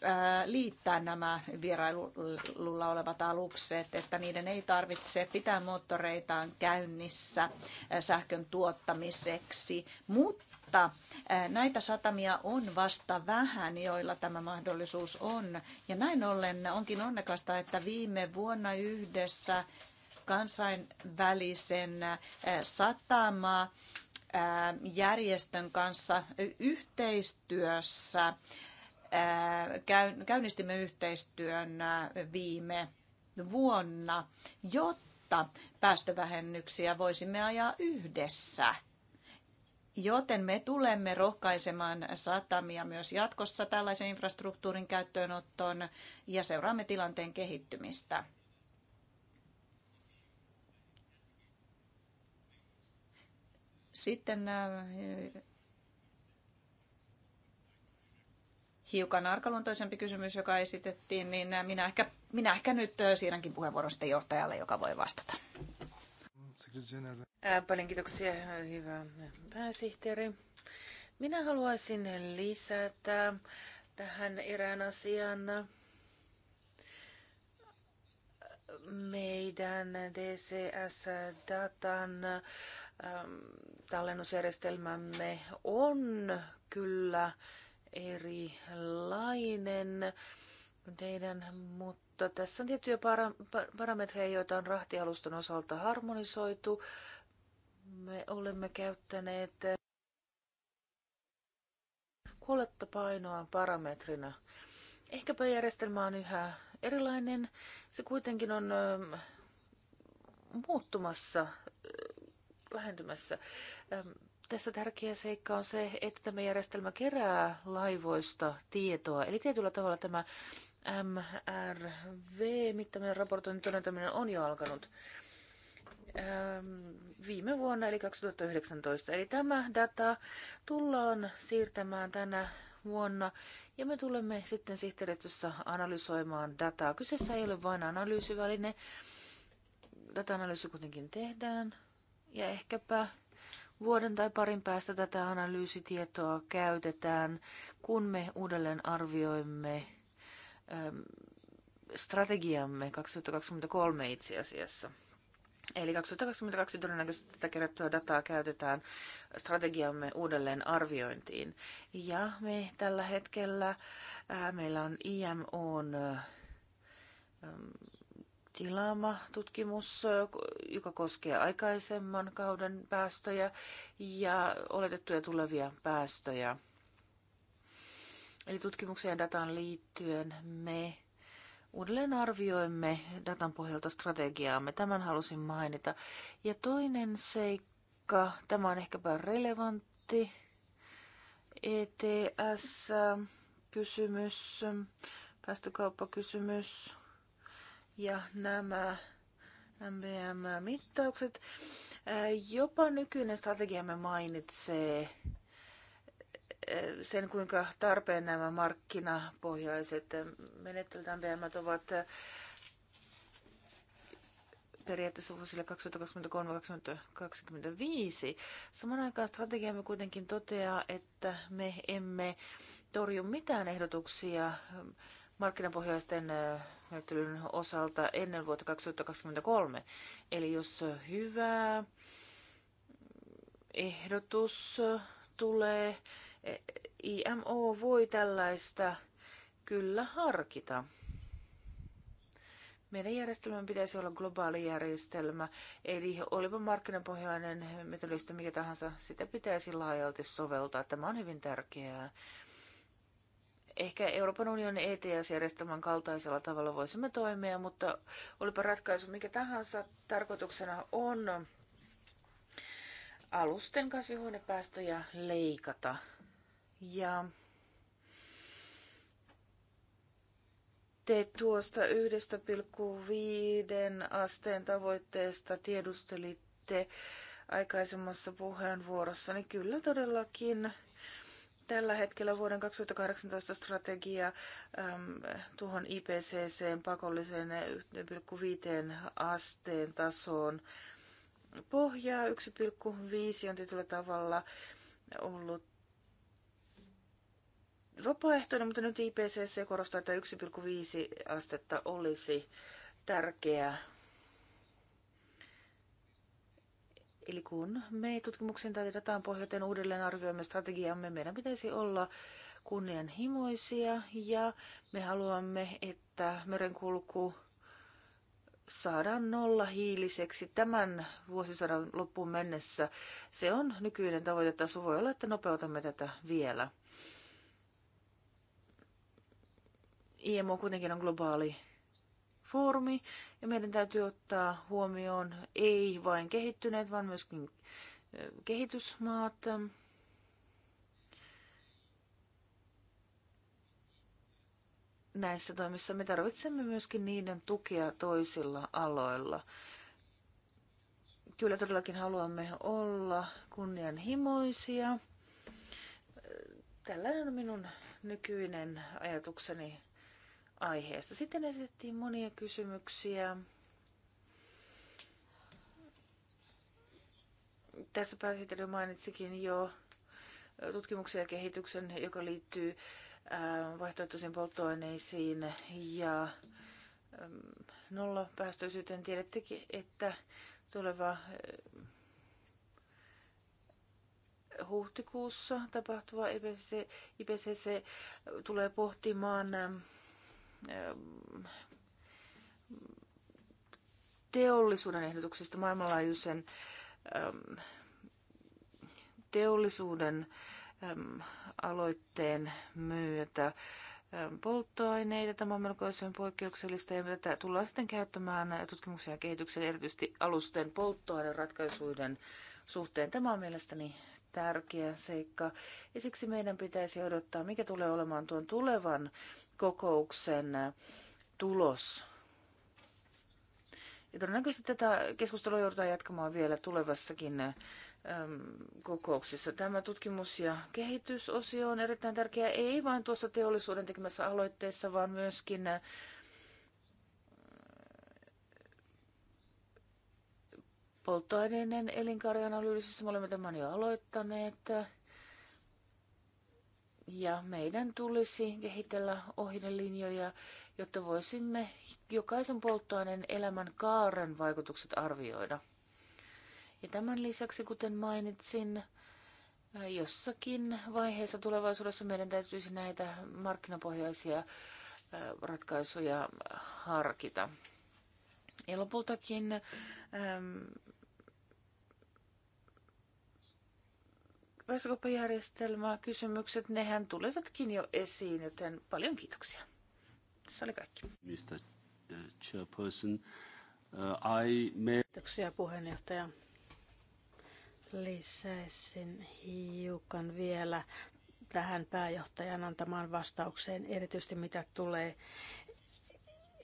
Äh, liittää nämä vierailulla olevat alukset, että niiden ei tarvitse pitää moottoreitaan käynnissä äh, sähkön tuottamiseksi, mutta äh, näitä satamia on vasta vähän, joilla tämä mahdollisuus on. Ja näin ollen onkin onnekasta, että viime vuonna yhdessä kansainvälisen satama järjestön kanssa yhteistyössä käynnistimme yhteistyön viime vuonna, jotta päästövähennyksiä voisimme ajaa yhdessä. Joten me tulemme rohkaisemaan satamia myös jatkossa tällaisen infrastruktuurin käyttöönottoon ja seuraamme tilanteen kehittymistä. Sitten hiukan arkaluontoisempi kysymys, joka esitettiin, niin minä ehkä, minä ehkä nyt siirränkin puheenvuoron sitten johtajalle, joka voi vastata. Paljon kiitoksia, hyvä pääsihteeri. Minä haluaisin lisätä tähän erään asian meidän DCS-datan ähm, tallennusjärjestelmämme on kyllä erilainen kuin teidän, mutta tässä on tiettyjä parametreja, joita on rahtialustan osalta harmonisoitu. Me olemme käyttäneet kuoletta painoa parametrina. Ehkäpä järjestelmä on yhä erilainen. Se kuitenkin on ähm, muuttumassa, äh, vähentymässä. Ähm, tässä tärkeä seikka on se, että tämä järjestelmä kerää laivoista tietoa. Eli tietyllä tavalla tämä MRV, mittaaminen raportoinnin todentaminen on jo alkanut viime vuonna, eli 2019. Eli tämä data tullaan siirtämään tänä vuonna, ja me tulemme sitten sihteeristössä analysoimaan dataa. Kyseessä ei ole vain analyysiväline, data-analyysi kuitenkin tehdään, ja ehkäpä vuoden tai parin päästä tätä analyysitietoa käytetään, kun me uudelleen arvioimme ähm, strategiamme 2023 itse asiassa. Eli 2022 todennäköisesti tätä kerättyä dataa käytetään strategiamme uudelleen arviointiin. Ja me tällä hetkellä, ää, äh, meillä on IMOn äh, tilaama tutkimus, joka koskee aikaisemman kauden päästöjä ja oletettuja tulevia päästöjä. Eli tutkimukseen dataan liittyen me uudelleen arvioimme datan pohjalta strategiaamme. Tämän halusin mainita. Ja toinen seikka, tämä on ehkäpä relevantti ETS-kysymys, päästökauppakysymys ja nämä MBM-mittaukset. Jopa nykyinen strategiamme mainitsee eh, sen, kuinka tarpeen nämä markkinapohjaiset menettelyt MBM ovat eh, periaatteessa vuosille 2023-2025. Saman aikaan strategiamme kuitenkin toteaa, että me emme torju mitään ehdotuksia markkinapohjaisten näyttelyn osalta ennen vuotta 2023. Eli jos hyvä ehdotus tulee, e, IMO voi tällaista kyllä harkita. Meidän järjestelmän pitäisi olla globaali järjestelmä, eli olipa markkinapohjainen metodista mikä tahansa, sitä pitäisi laajalti soveltaa. Tämä on hyvin tärkeää. Ehkä Euroopan unionin ETS-järjestelmän kaltaisella tavalla voisimme toimia, mutta olipa ratkaisu mikä tahansa, tarkoituksena on alusten kasvihuonepäästöjä leikata. Ja te tuosta 1,5 asteen tavoitteesta tiedustelitte aikaisemmassa puheenvuorossani. Kyllä todellakin tällä hetkellä vuoden 2018 strategia äm, tuohon IPCCn pakolliseen 1,5 asteen tasoon pohjaa. 1,5 on tietyllä tavalla ollut vapaaehtoinen, mutta nyt IPCC korostaa, että 1,5 astetta olisi tärkeä Eli kun me tutkimuksen tai dataan pohjaten uudelleen arvioimme strategiamme, meidän pitäisi olla kunnianhimoisia ja me haluamme, että merenkulku saadaan nolla hiiliseksi tämän vuosisadan loppuun mennessä. Se on nykyinen tavoitetaso. Voi olla, että nopeutamme tätä vielä. IMO kuitenkin on globaali foorumi ja meidän täytyy ottaa huomioon ei vain kehittyneet, vaan myöskin kehitysmaat. Näissä toimissa me tarvitsemme myöskin niiden tukea toisilla aloilla. Kyllä todellakin haluamme olla kunnianhimoisia. Tällainen on minun nykyinen ajatukseni aiheesta. Sitten esitettiin monia kysymyksiä. Tässä pääsihteeri mainitsikin jo tutkimuksen ja kehityksen, joka liittyy äh, vaihtoehtoisiin polttoaineisiin ja ähm, nollapäästöisyyteen. Tiedättekin, että tuleva äh, huhtikuussa tapahtuva IPCC, IPCC äh, tulee pohtimaan ähm, teollisuuden ehdotuksesta maailmanlaajuisen ähm, teollisuuden ähm, aloitteen myötä ähm, polttoaineita. Tämä on melkoisen poikkeuksellista ja tätä tullaan sitten käyttämään tutkimuksen ja kehityksen erityisesti alusten ratkaisuiden suhteen. Tämä on mielestäni tärkeä seikka ja siksi meidän pitäisi odottaa, mikä tulee olemaan tuon tulevan kokouksen tulos. Ja todennäköisesti tätä keskustelua joudutaan jatkamaan vielä tulevassakin ähm, kokouksissa. Tämä tutkimus- ja kehitysosio on erittäin tärkeä, ei vain tuossa teollisuuden tekemässä aloitteessa, vaan myöskin äh, polttoaineiden elinkaarianalyysissä. Me olemme tämän jo aloittaneet. Ja meidän tulisi kehitellä ohjelinjoja, jotta voisimme jokaisen polttoaineen elämän kaaren vaikutukset arvioida. Ja tämän lisäksi, kuten mainitsin, jossakin vaiheessa tulevaisuudessa meidän täytyisi näitä markkinapohjaisia ratkaisuja harkita. Ja lopultakin päästökauppajärjestelmää, kysymykset, nehän tulevat,kin jo esiin, joten paljon kiitoksia. Tässä oli kaikki. Mr. Uh, Chairperson, uh, I may... Kiitoksia puheenjohtaja. Lisäisin hiukan vielä tähän pääjohtajan antamaan vastaukseen, erityisesti mitä tulee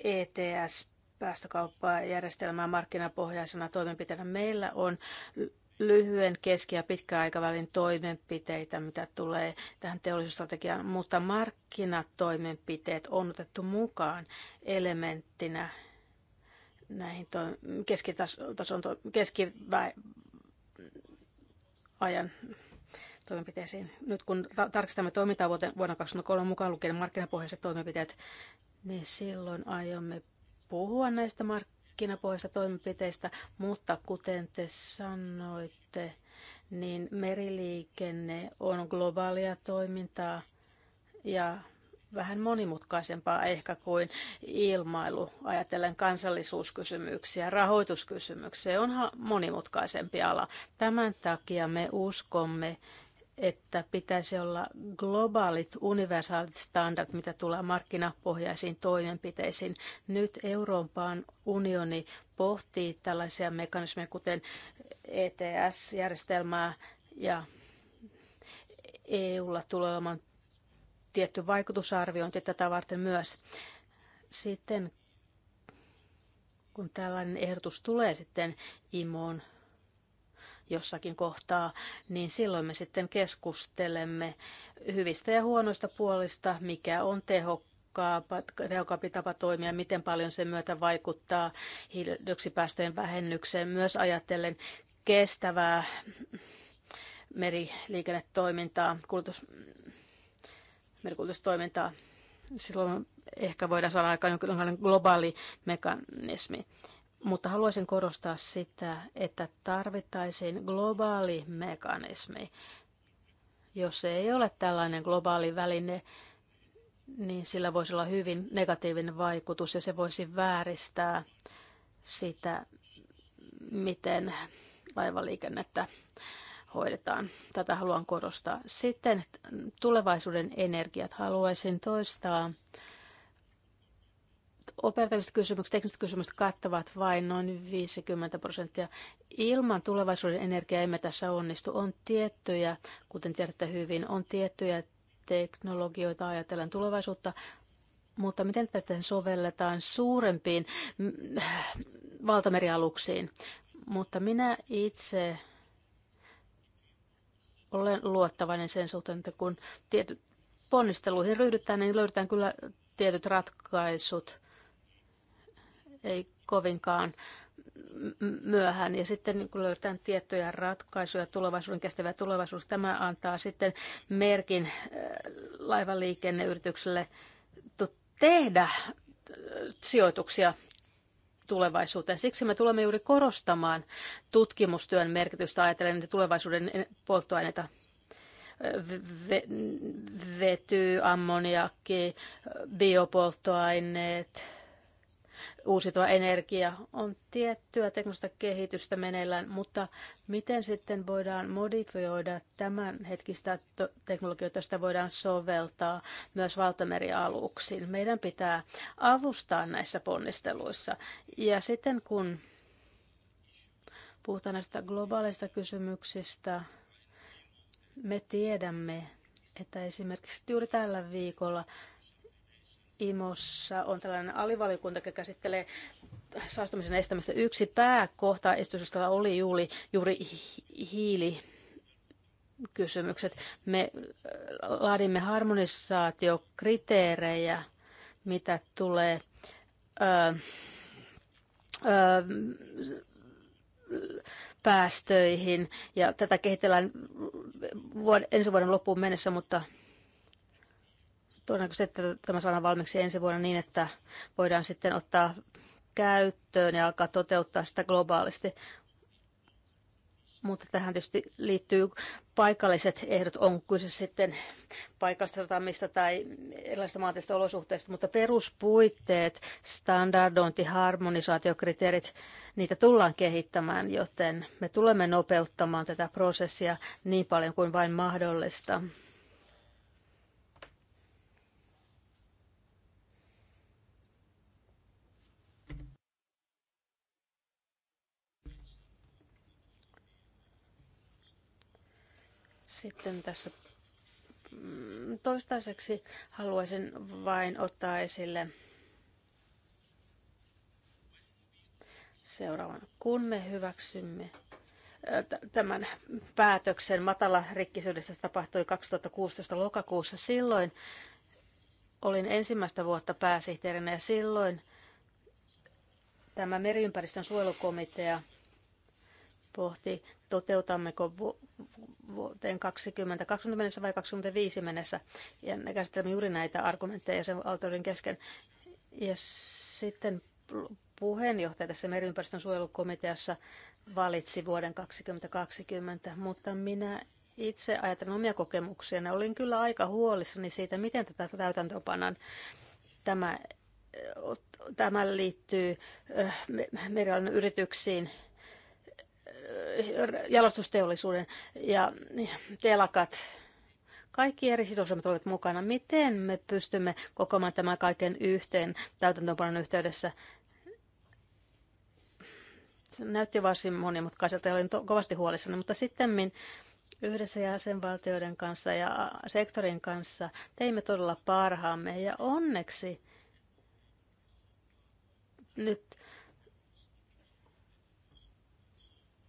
ETS päästökauppajärjestelmään markkinapohjaisena toimenpiteenä. Meillä on lyhyen, keski- ja pitkäaikavälin toimenpiteitä, mitä tulee tähän teollisuusstrategiaan, mutta markkinatoimenpiteet on otettu mukaan elementtinä näihin to- keskitason, to- keskiajan toimenpiteisiin. Nyt kun ta- tarkistamme toimintaa vuonna 2023 mukaan lukien markkinapohjaiset toimenpiteet, niin silloin aiomme puhua näistä markkinoista markkinapohjaisista toimenpiteistä, mutta kuten te sanoitte, niin meriliikenne on globaalia toimintaa ja vähän monimutkaisempaa ehkä kuin ilmailu, ajatellen kansallisuuskysymyksiä, rahoituskysymyksiä, on monimutkaisempi ala. Tämän takia me uskomme, että pitäisi olla globaalit universaalit standardit, mitä tulee markkinapohjaisiin toimenpiteisiin. Nyt Euroopan unioni pohtii tällaisia mekanismeja, kuten ETS-järjestelmää ja EUlla tulee olemaan tietty vaikutusarviointi tätä varten myös. Sitten kun tällainen ehdotus tulee sitten IMOon jossakin kohtaa, niin silloin me sitten keskustelemme hyvistä ja huonoista puolista, mikä on tehokkaampi tapa toimia, miten paljon sen myötä vaikuttaa hiilidioksipäästöjen vähennykseen, myös ajatellen kestävää meriliikennetoimintaa, kulutus, merikulutustoimintaa. Silloin ehkä voidaan saada aikaan jonkinlainen globaali mekanismi. Mutta haluaisin korostaa sitä, että tarvittaisiin globaali mekanismi. Jos se ei ole tällainen globaali väline, niin sillä voisi olla hyvin negatiivinen vaikutus ja se voisi vääristää sitä, miten laivaliikennettä hoidetaan. Tätä haluan korostaa. Sitten tulevaisuuden energiat haluaisin toistaa operatiiviset kysymykset, tekniset kysymykset kattavat vain noin 50 prosenttia. Ilman tulevaisuuden energiaa emme tässä onnistu. On tiettyjä, kuten tiedätte hyvin, on tiettyjä teknologioita ajatellen tulevaisuutta, mutta miten tätä sovelletaan suurempiin mm, äh, valtamerialuksiin? Mutta minä itse olen luottavainen sen suhteen, että kun tietyt ponnisteluihin ryhdytään, niin löydetään kyllä tietyt ratkaisut ei kovinkaan myöhään. Ja sitten niin kun löydetään tiettyjä ratkaisuja, tulevaisuuden kestävä tulevaisuus, tämä antaa sitten merkin äh, laivaliikenneyritykselle tehdä äh, sijoituksia tulevaisuuteen. Siksi me tulemme juuri korostamaan tutkimustyön merkitystä ajatellen että tulevaisuuden polttoaineita. Äh, Vety, ammoniakki, biopolttoaineet, uusiutuva energia. On tiettyä teknologista kehitystä meneillään, mutta miten sitten voidaan modifioida tämän hetkistä teknologiota, sitä voidaan soveltaa myös valtamerialuksiin. Meidän pitää avustaa näissä ponnisteluissa. Ja sitten kun puhutaan näistä globaaleista kysymyksistä, me tiedämme, että esimerkiksi juuri tällä viikolla IMOssa on tällainen alivaliokunta, joka käsittelee saastumisen estämistä. Yksi pääkohta esitystä oli juuri, juuri hiili kysymykset. Me äh, laadimme harmonisaatiokriteerejä, mitä tulee ö, äh, ö, äh, päästöihin, ja tätä kehitellään vuod- ensi vuoden loppuun mennessä, mutta todennäköisesti tämä saadaan valmiiksi ensi vuonna niin, että voidaan sitten ottaa käyttöön ja alkaa toteuttaa sitä globaalisti. Mutta tähän tietysti liittyy paikalliset ehdot, on kyse sitten paikallista satamista tai erilaisista maantieteellisistä olosuhteista, mutta peruspuitteet, standardointi, harmonisaatiokriteerit, niitä tullaan kehittämään, joten me tulemme nopeuttamaan tätä prosessia niin paljon kuin vain mahdollista. Sitten tässä mm, toistaiseksi haluaisin vain ottaa esille seuraavan. Kun me hyväksymme tämän päätöksen rikkisyydestä tapahtui 2016 lokakuussa, silloin olin ensimmäistä vuotta pääsihteerinä ja silloin tämä meriympäristön suojelukomitea – pohti, toteutammeko vuoteen 2020 mennessä vai 2025 mennessä. Ja me käsittelemme juuri näitä argumentteja jäsenvaltioiden kesken. Ja sitten puheenjohtaja tässä meriympäristön suojelukomiteassa valitsi vuoden 2020, mutta minä itse ajattelen omia kokemuksiani. Olin kyllä aika huolissani siitä, miten tätä täytäntöpanan Tämä, tämä liittyy meidän yrityksiin, Äh, jalostusteollisuuden ja telakat. Kaikki eri sidosryhmät olivat mukana. Miten me pystymme kokoamaan tämän kaiken yhteen täytäntöönpanon yhteydessä? Se näytti varsin monimutkaiselta ja olin kovasti huolissani, mutta sitten yhdessä jäsenvaltioiden kanssa ja sektorin kanssa teimme todella parhaamme ja onneksi nyt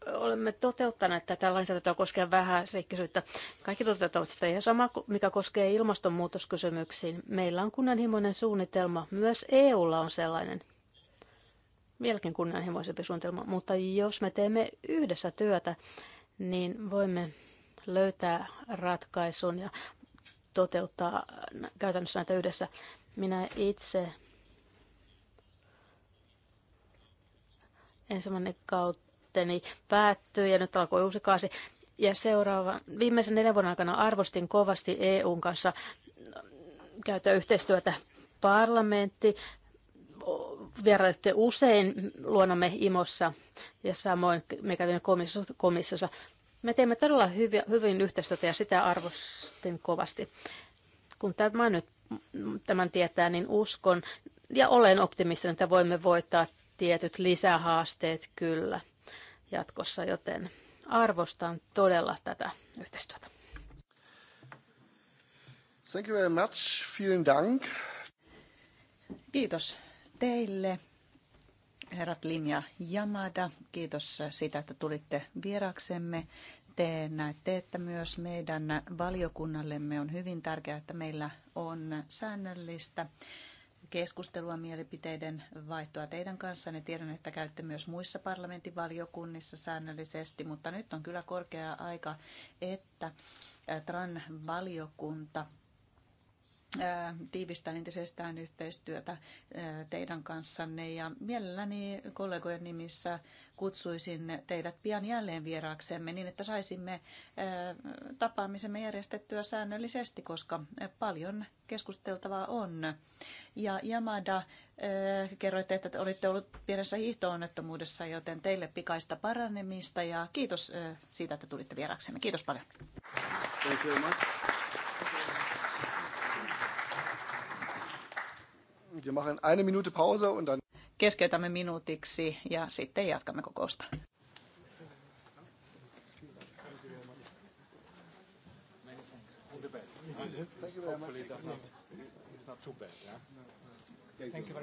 olemme toteuttaneet tätä lainsäädäntöä koskien vähärikkisyyttä. Kaikki toteuttavat sitä. Ja sama, mikä koskee ilmastonmuutoskysymyksiin. Meillä on kunnianhimoinen suunnitelma. Myös EUlla on sellainen vieläkin kunnianhimoisempi suunnitelma. Mutta jos me teemme yhdessä työtä, niin voimme löytää ratkaisun ja toteuttaa käytännössä näitä yhdessä. Minä itse ensimmäinen kautta niin päättyi ja nyt alkoi uusi kaasi. Ja seuraava viimeisen neljän vuoden aikana arvostin kovasti EUn kanssa käytyä yhteistyötä parlamentti, vierailitte usein luonamme Imossa ja samoin me kävimme komissiossa. Me teemme todella hyviä, hyvin yhteistyötä ja sitä arvostin kovasti. Kun tämä nyt tämän tietää, niin uskon ja olen optimistinen, että voimme voittaa tietyt lisähaasteet kyllä jatkossa, joten arvostan todella tätä yhteistyötä. Thank you very much. Vielen Dank. Kiitos teille, herrat ja Yamada. Kiitos siitä, että tulitte vieraksemme. Te näette, että myös meidän valiokunnallemme on hyvin tärkeää, että meillä on säännöllistä keskustelua, mielipiteiden vaihtoa teidän ne Tiedän, että käytte myös muissa parlamentin valiokunnissa säännöllisesti, mutta nyt on kyllä korkea aika, että TRAN-valiokunta tiivistää entisestään yhteistyötä teidän kanssanne ja mielelläni kollegojen nimissä kutsuisin teidät pian jälleen vieraaksemme niin, että saisimme tapaamisemme järjestettyä säännöllisesti, koska paljon keskusteltavaa on. Ja Yamada, kerroitte, että olitte ollut pienessä hiihtoonnettomuudessa, joten teille pikaista parannemista ja kiitos siitä, että tulitte vieraaksemme. Kiitos paljon. Thank you very much. Keskeytämme minuutiksi ja sitten jatkamme kokousta. Thank you very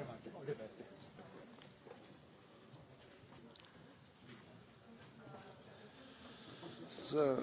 much. All the best. So.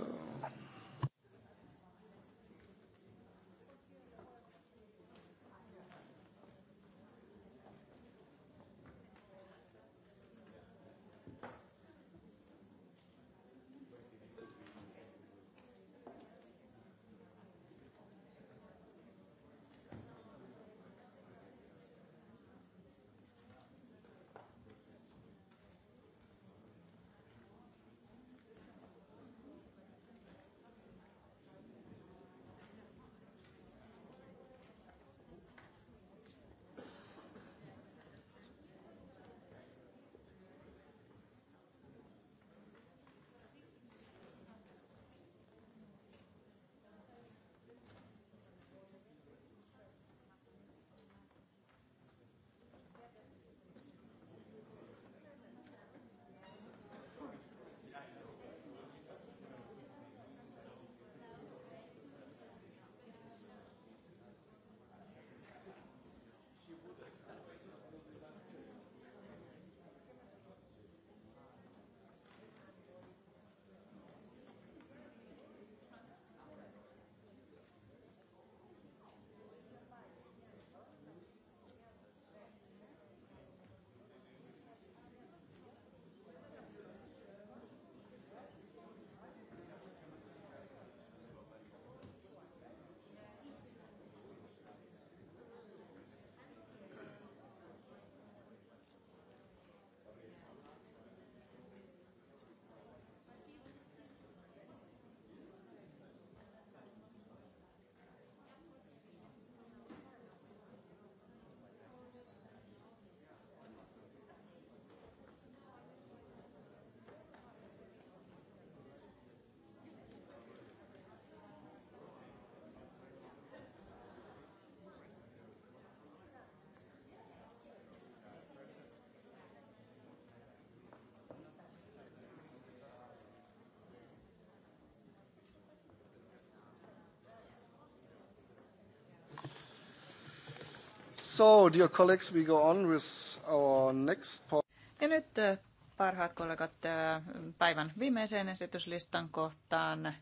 So, dear colleagues, we go on with our next part. Ja nyt äh, parhaat kollegat äh, päivän viimeiseen esityslistan kohtaan.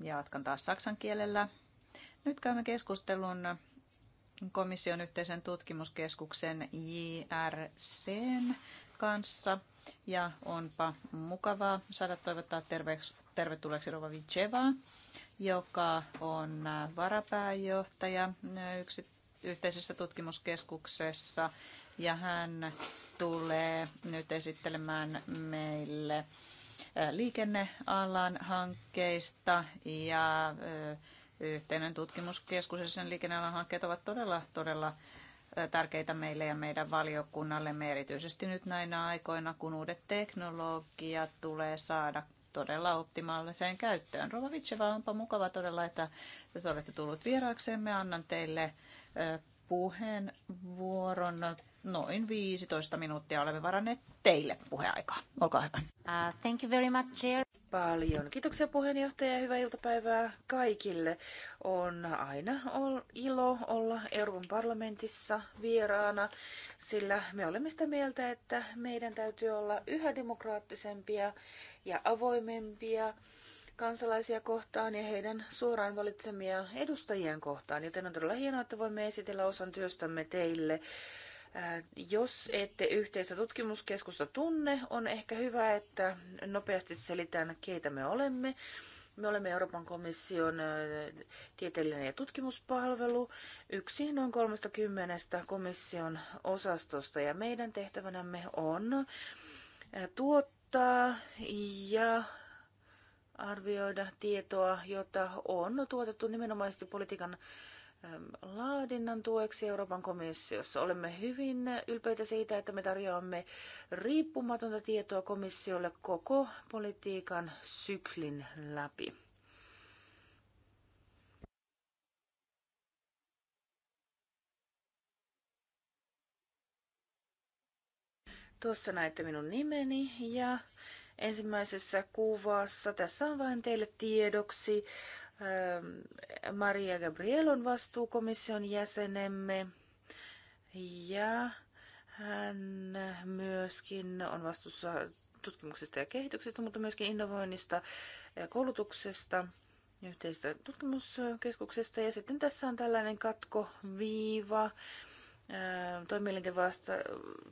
Jatkan taas saksan kielellä. Nyt käymme keskustelun komission yhteisen tutkimuskeskuksen JRCn kanssa. Ja onpa mukavaa saada toivottaa tervetulleeksi Rova Vicevaa, joka on äh, varapääjohtaja yksi yhteisessä tutkimuskeskuksessa ja hän tulee nyt esittelemään meille liikennealan hankkeista ja yhteinen tutkimuskeskus ja sen liikennealan hankkeet ovat todella, todella tärkeitä meille ja meidän me erityisesti nyt näinä aikoina, kun uudet teknologiat tulee saada todella optimaaliseen käyttöön. Rova Vitseva, onpa mukava todella, että te olette tullut vieraaksemme. Annan teille puheenvuoron. Noin 15 minuuttia olemme varanneet teille puheaikaa. Olkaa hyvä. Uh, thank you very much, Chair. Paljon. Kiitoksia puheenjohtaja ja hyvää iltapäivää kaikille. On aina ilo olla Euroopan parlamentissa vieraana, sillä me olemme sitä mieltä, että meidän täytyy olla yhä demokraattisempia ja avoimempia kansalaisia kohtaan ja heidän suoraan valitsemia edustajien kohtaan. Joten on todella hienoa, että voimme esitellä osan työstämme teille. Äh, jos ette yhteistä tutkimuskeskusta tunne, on ehkä hyvä, että nopeasti selitän, keitä me olemme. Me olemme Euroopan komission äh, tieteellinen ja tutkimuspalvelu, yksi noin 30 komission osastosta ja meidän tehtävänämme on äh, tuottaa ja arvioida tietoa, jota on tuotettu nimenomaisesti politiikan ähm, laadinnan tueksi Euroopan komissiossa. Olemme hyvin ylpeitä siitä, että me tarjoamme riippumatonta tietoa komissiolle koko politiikan syklin läpi. Tuossa näette minun nimeni ja ensimmäisessä kuvassa. Tässä on vain teille tiedoksi. Ähm, Maria Gabriel on vastuukomission jäsenemme ja hän myöskin on vastuussa tutkimuksesta ja kehityksestä, mutta myöskin innovoinnista ja koulutuksesta yhteisestä tutkimuskeskuksesta. Ja sitten tässä on tällainen katkoviiva, toimielinten vasta-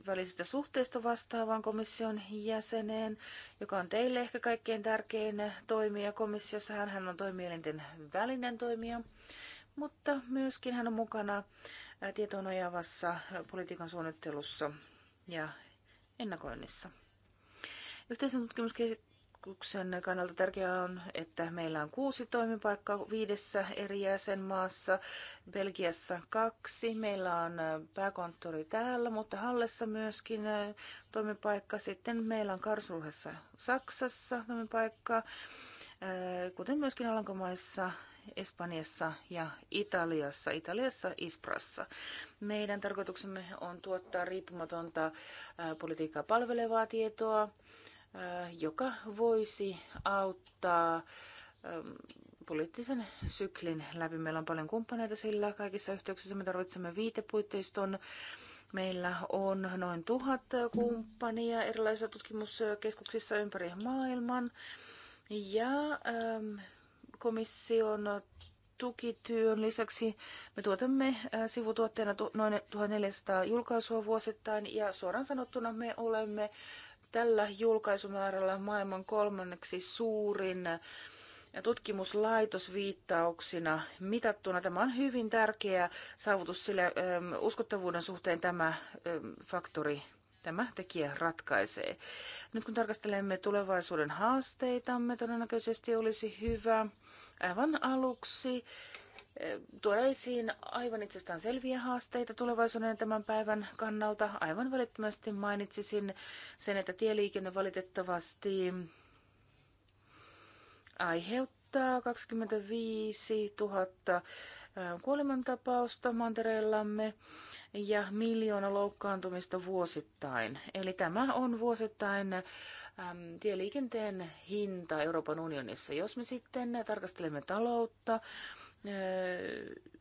välisistä suhteista vastaavaan komission jäseneen, joka on teille ehkä kaikkein tärkein toimija komissiossa. Hän on toimielinten välinen toimija, mutta myöskin hän on mukana tietoon ojaavassa politiikan suunnittelussa ja ennakoinnissa. Yhteisen tutkimuskeskuksen keskuksen kannalta tärkeää on, että meillä on kuusi toimipaikkaa viidessä eri jäsenmaassa, Belgiassa kaksi, meillä on pääkonttori täällä, mutta Hallessa myöskin toimipaikka, sitten meillä on Karlsruhessa Saksassa toimipaikka, kuten myöskin Alankomaissa, Espanjassa ja Italiassa, Italiassa Isprassa. Meidän tarkoituksemme on tuottaa riippumatonta politiikkaa palvelevaa tietoa, Äh, joka voisi auttaa ähm, poliittisen syklin läpi. Meillä on paljon kumppaneita sillä kaikissa yhteyksissä. Me tarvitsemme viitepuitteiston. Meillä on noin tuhat kumppania erilaisissa tutkimuskeskuksissa ympäri maailman. Ja ähm, komission tukityön lisäksi me tuotamme äh, sivutuotteena noin 1400 julkaisua vuosittain ja suoraan sanottuna me olemme tällä julkaisumäärällä maailman kolmanneksi suurin ja tutkimuslaitosviittauksina mitattuna. Tämä on hyvin tärkeä saavutus, sillä ähm, uskottavuuden suhteen tämä ähm, faktori tämä tekijä ratkaisee. Nyt kun tarkastelemme tulevaisuuden haasteitamme, todennäköisesti olisi hyvä aivan aluksi tuoda esiin aivan itsestään selviä haasteita tulevaisuuden ja tämän päivän kannalta. Aivan välittömästi mainitsisin sen, että tieliikenne valitettavasti aiheuttaa 25 000 kuolemantapausta mantereellamme ja miljoona loukkaantumista vuosittain. Eli tämä on vuosittain äm, tieliikenteen hinta Euroopan unionissa. Jos me sitten tarkastelemme taloutta,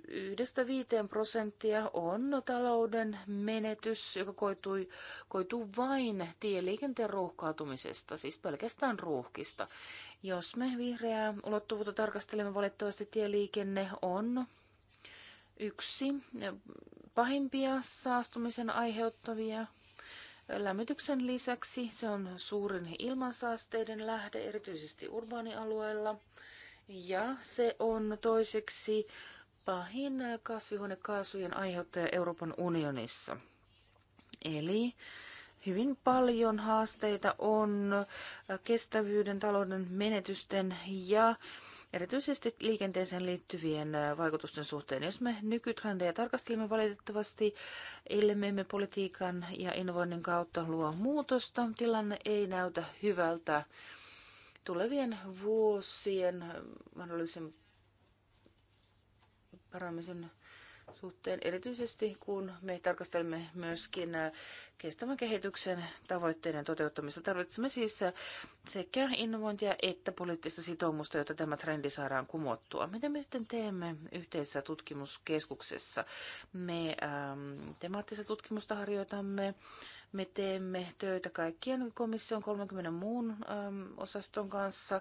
yhdestä viiteen prosenttia on talouden menetys, joka koitui, koituu vain tieliikenteen ruuhkautumisesta, siis pelkästään ruuhkista. Jos me vihreää ulottuvuutta tarkastelemme, valitettavasti tieliikenne on yksi pahimpia saastumisen aiheuttavia. Lämmityksen lisäksi se on suurin ilmansaasteiden lähde, erityisesti urbaanialueella. Ja se on toiseksi pahin kasvihuonekaasujen aiheuttaja Euroopan unionissa. Eli hyvin paljon haasteita on kestävyyden, talouden menetysten ja erityisesti liikenteeseen liittyvien vaikutusten suhteen. Jos me nykytrendejä tarkastelemme valitettavasti, ellei me politiikan ja innovoinnin kautta luo muutosta, tilanne ei näytä hyvältä tulevien vuosien mahdollisen paramisen suhteen, erityisesti kun me tarkastelemme myöskin äh, kestävän kehityksen tavoitteiden toteuttamista. Tarvitsemme siis äh, sekä innovointia että poliittista sitoumusta, jotta tämä trendi saadaan kumottua. Mitä me sitten teemme yhteisessä tutkimuskeskuksessa? Me ähm, temaattista tutkimusta harjoitamme me teemme töitä kaikkien komission 30 muun äm, osaston kanssa.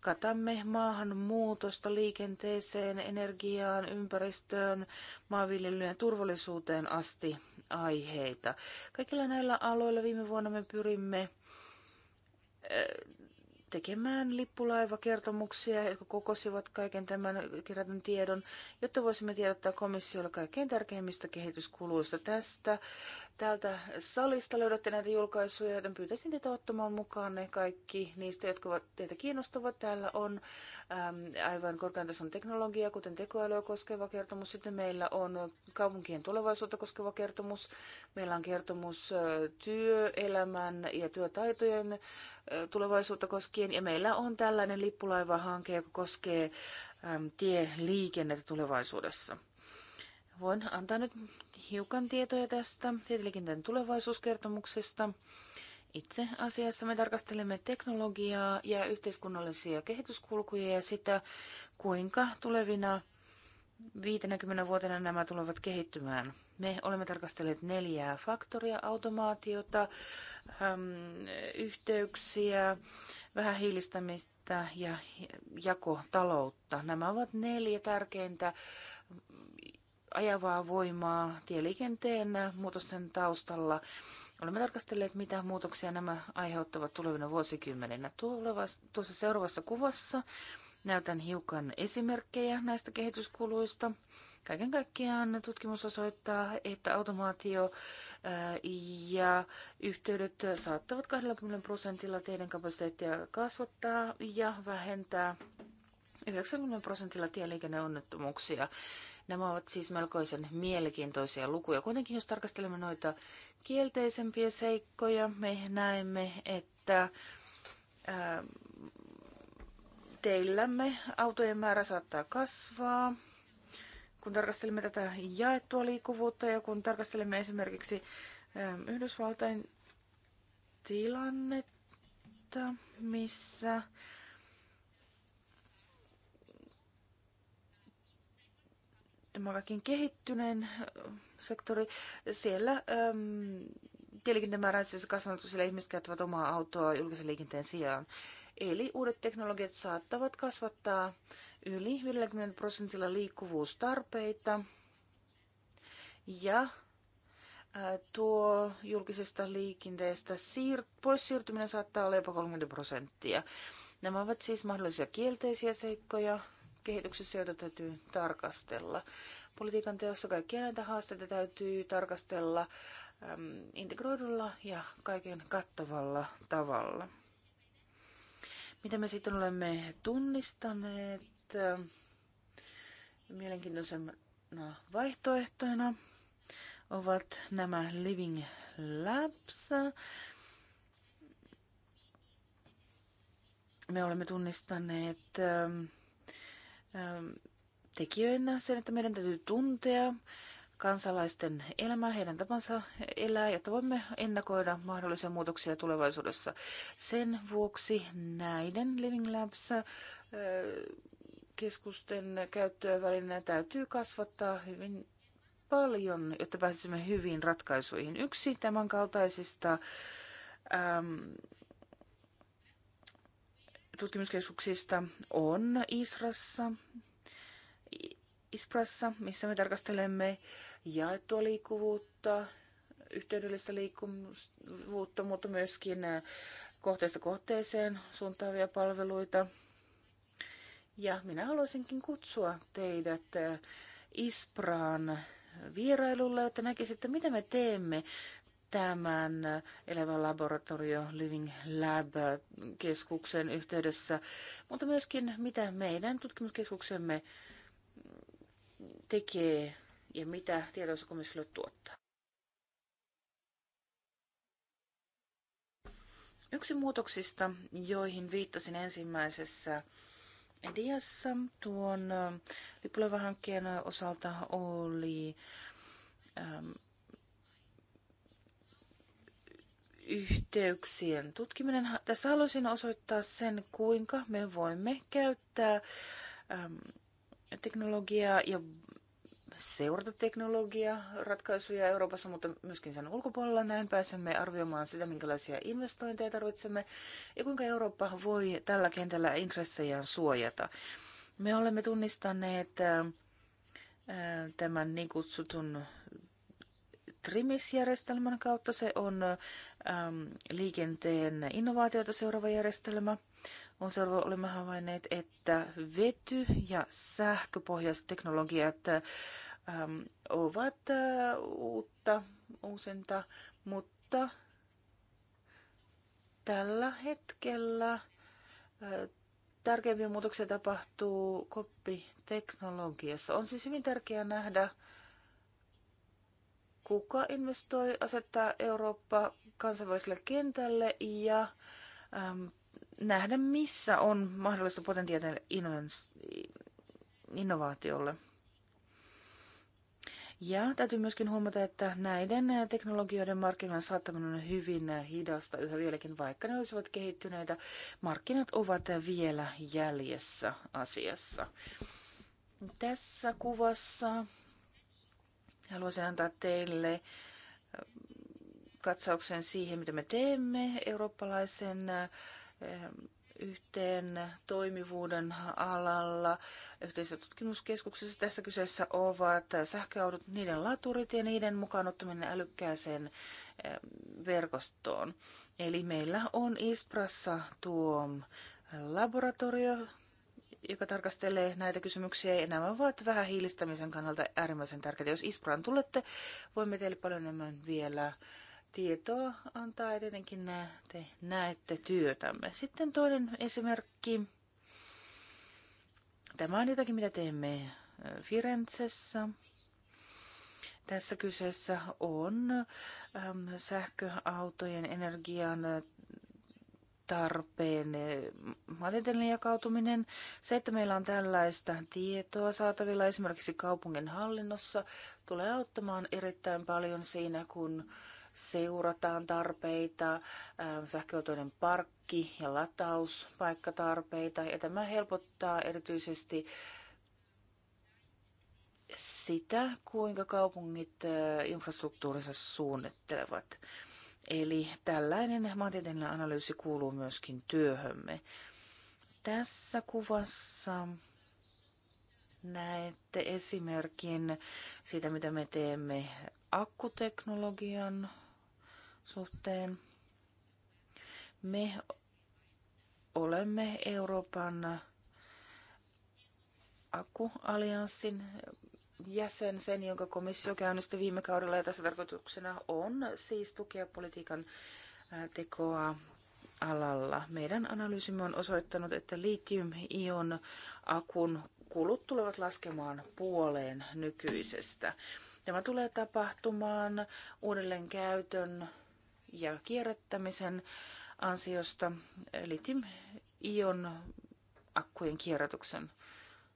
Katamme maahanmuutosta liikenteeseen, energiaan, ympäristöön, maanviljelyyn ja turvallisuuteen asti aiheita. Kaikilla näillä aloilla viime vuonna me pyrimme tekemään lippulaivakertomuksia, jotka kokosivat kaiken tämän kerätyn tiedon, jotta voisimme tiedottaa komissiolle kaikkein tärkeimmistä kehityskuluista tästä. Täältä salista löydätte näitä julkaisuja, joten pyytäisin teitä ottamaan mukaan ne kaikki niistä, jotka ovat teitä kiinnostavat. Täällä on äm, aivan korkean tason teknologia, kuten tekoälyä koskeva kertomus. Sitten meillä on kaupunkien tulevaisuutta koskeva kertomus. Meillä on kertomus työelämän ja työtaitojen tulevaisuutta koskien. Ja meillä on tällainen lippulaivahanke, joka koskee tieliikennettä tulevaisuudessa. Voin antaa nyt hiukan tietoja tästä tietoliikenteen tulevaisuuskertomuksesta. Itse asiassa me tarkastelemme teknologiaa ja yhteiskunnallisia kehityskulkuja ja sitä, kuinka tulevina 50 vuotena nämä tulevat kehittymään. Me olemme tarkastelleet neljää faktoria, automaatiota, äm, yhteyksiä, vähähiilistämistä ja jakotaloutta. Nämä ovat neljä tärkeintä ajavaa voimaa tieliikenteen muutosten taustalla. Olemme tarkastelleet, mitä muutoksia nämä aiheuttavat tulevina vuosikymmeninä. tuossa seuraavassa kuvassa näytän hiukan esimerkkejä näistä kehityskuluista. Kaiken kaikkiaan tutkimus osoittaa, että automaatio ja yhteydet saattavat 20 prosentilla teidän kapasiteettia kasvattaa ja vähentää 90 prosentilla tieliikenneonnettomuuksia. Nämä ovat siis melkoisen mielenkiintoisia lukuja. Kuitenkin jos tarkastelemme noita kielteisempiä seikkoja, me näemme, että teillämme autojen määrä saattaa kasvaa. Kun tarkastelemme tätä jaettua liikkuvuutta ja kun tarkastelemme esimerkiksi ähm, Yhdysvaltain tilannetta, missä tämä kaikkein kehittyneen äh, sektori, siellä äm, tieliikenteen määrä on kasvanut, sillä ihmiset käyttävät omaa autoa julkisen liikenteen sijaan. Eli uudet teknologiat saattavat kasvattaa yli 50 prosentilla liikkuvuustarpeita. Ja tuo julkisesta liikenteestä siir- pois siirtyminen saattaa olla jopa 30 prosenttia. Nämä ovat siis mahdollisia kielteisiä seikkoja kehityksessä, joita täytyy tarkastella. Politiikan teossa kaikkia näitä haasteita täytyy tarkastella integroidulla ja kaiken kattavalla tavalla. Mitä me sitten olemme tunnistaneet mielenkiintoisena vaihtoehtoina ovat nämä Living Labs. Me olemme tunnistaneet ähm, ähm, tekijöinä sen, että meidän täytyy tuntea kansalaisten elämää, heidän tapansa elää, jotta voimme ennakoida mahdollisia muutoksia tulevaisuudessa. Sen vuoksi näiden Living Labs keskusten käyttöä välineenä täytyy kasvattaa hyvin paljon, jotta pääsisimme hyviin ratkaisuihin. Yksi tämän kaltaisista äm, tutkimuskeskuksista on Israssa, ISPRassa, missä me tarkastelemme jaettua liikkuvuutta, yhteydellistä liikkuvuutta, mutta myöskin kohteesta kohteeseen suuntaavia palveluita. Ja minä haluaisinkin kutsua teidät ISPRAan vierailulle, että näkisitte, mitä me teemme tämän Elävä Laboratorio Living Lab-keskuksen yhteydessä, mutta myöskin mitä meidän tutkimuskeskuksemme tekee ja mitä tiedossa tuottaa. Yksi muutoksista, joihin viittasin ensimmäisessä ediassa tuon lippulevahankkeen osalta oli ähm, yhteyksien tutkiminen. Tässä haluaisin osoittaa sen, kuinka me voimme käyttää ähm, teknologiaa ja seurata teknologiaratkaisuja Euroopassa, mutta myöskin sen ulkopuolella. Näin pääsemme arvioimaan sitä, minkälaisia investointeja tarvitsemme ja kuinka Eurooppa voi tällä kentällä intressejään suojata. Me olemme tunnistaneet äh, äh, tämän niin kutsutun TRIMIS-järjestelmän kautta. Se on ähm, liikenteen innovaatioita seuraava järjestelmä – on selvä, olemme havainneet, että vety- ja sähköpohjaiset teknologiat äm, ovat ä, äh, uutta, uusinta, mutta tällä hetkellä ä, äh, tärkeimpiä muutoksia tapahtuu koppiteknologiassa. On siis hyvin tärkeää nähdä, kuka investoi, asettaa Eurooppa kansainväliselle kentälle ja äm, nähdä, missä on mahdollista potentiaalia innovaatiolle. Ja täytyy myöskin huomata, että näiden teknologioiden markkinoiden saattaminen on hyvin hidasta yhä vieläkin, vaikka ne olisivat kehittyneitä. Markkinat ovat vielä jäljessä asiassa. Tässä kuvassa haluaisin antaa teille katsauksen siihen, mitä me teemme eurooppalaisen Ehm, yhteen toimivuuden alalla yhteisessä tutkimuskeskuksessa. Tässä kyseessä ovat sähköaudut, niiden laturit ja niiden mukaan ottaminen älykkääseen ehm, verkostoon. Eli meillä on Isprassa tuo laboratorio, joka tarkastelee näitä kysymyksiä, ja nämä ovat vähän hiilistämisen kannalta äärimmäisen tärkeitä. Jos Ispraan tulette, voimme teille paljon enemmän vielä tietoa antaa ja tietenkin te näette työtämme. Sitten toinen esimerkki. Tämä on jotakin, mitä teemme Firenzessä. Tässä kyseessä on äm, sähköautojen energian tarpeen materiaalin jakautuminen. Se, että meillä on tällaista tietoa saatavilla esimerkiksi kaupungin hallinnossa, tulee auttamaan erittäin paljon siinä, kun seurataan tarpeita, sähköautoiden parkki- ja latauspaikkatarpeita. Ja tämä helpottaa erityisesti sitä, kuinka kaupungit infrastruktuurinsa suunnittelevat. Eli tällainen maantieteellinen analyysi kuuluu myöskin työhömme. Tässä kuvassa näette esimerkin siitä, mitä me teemme akkuteknologian suhteen. Me olemme Euroopan akkuallianssin jäsen, sen jonka komissio käynnisti viime kaudella ja tässä tarkoituksena on siis tukea politiikan tekoa alalla. Meidän analyysimme on osoittanut, että litium-ion akun kulut tulevat laskemaan puoleen nykyisestä. Tämä tulee tapahtumaan uudelleen käytön ja kierrättämisen ansiosta, litium-ion akkujen kierrätyksen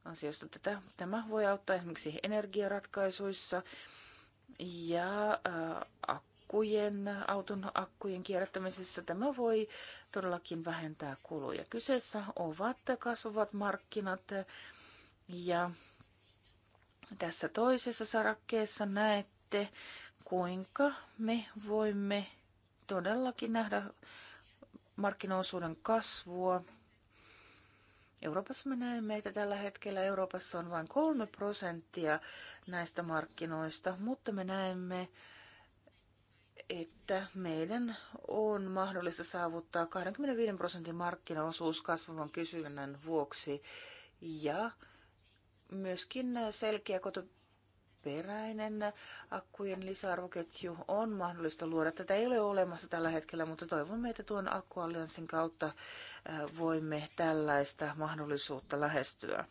ansiosta. Tätä, tämä voi auttaa esimerkiksi energiaratkaisuissa ja äh, akkujen, auton akkujen kierrättämisessä. Tämä voi todellakin vähentää kuluja. Kyseessä ovat kasvavat markkinat ja tässä toisessa sarakkeessa näette, kuinka me voimme todellakin nähdä markkinaosuuden kasvua. Euroopassa me näemme, että tällä hetkellä Euroopassa on vain 3 prosenttia näistä markkinoista, mutta me näemme, että meidän on mahdollista saavuttaa 25 prosentin markkinaosuus kasvavan kysynnän vuoksi ja myöskin selkeä alkuperäinen akkujen lisäarvoketju on mahdollista luoda. Tätä ei ole olemassa tällä hetkellä, mutta toivomme, että tuon akkuallianssin kautta äh, voimme tällaista mahdollisuutta lähestyä.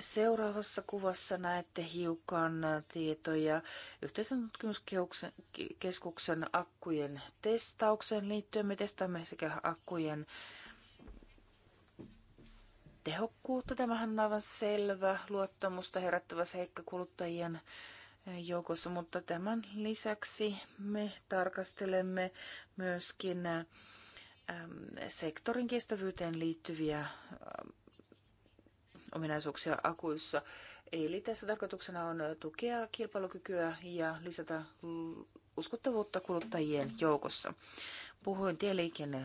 Seuraavassa kuvassa näette hiukan tietoja yhteisen tutkimuskeskuksen akkujen testaukseen liittyen. Me testaamme sekä akkujen äh, tehokkuutta. Tämähän on aivan selvä luottamusta herättävä seikka kuluttajien joukossa, mutta tämän lisäksi me tarkastelemme myöskin ähm, sektorin kestävyyteen liittyviä ähm, ominaisuuksia akuissa. Eli tässä tarkoituksena on tukea kilpailukykyä ja lisätä uskottavuutta kuluttajien joukossa. Puhuin tieliikenne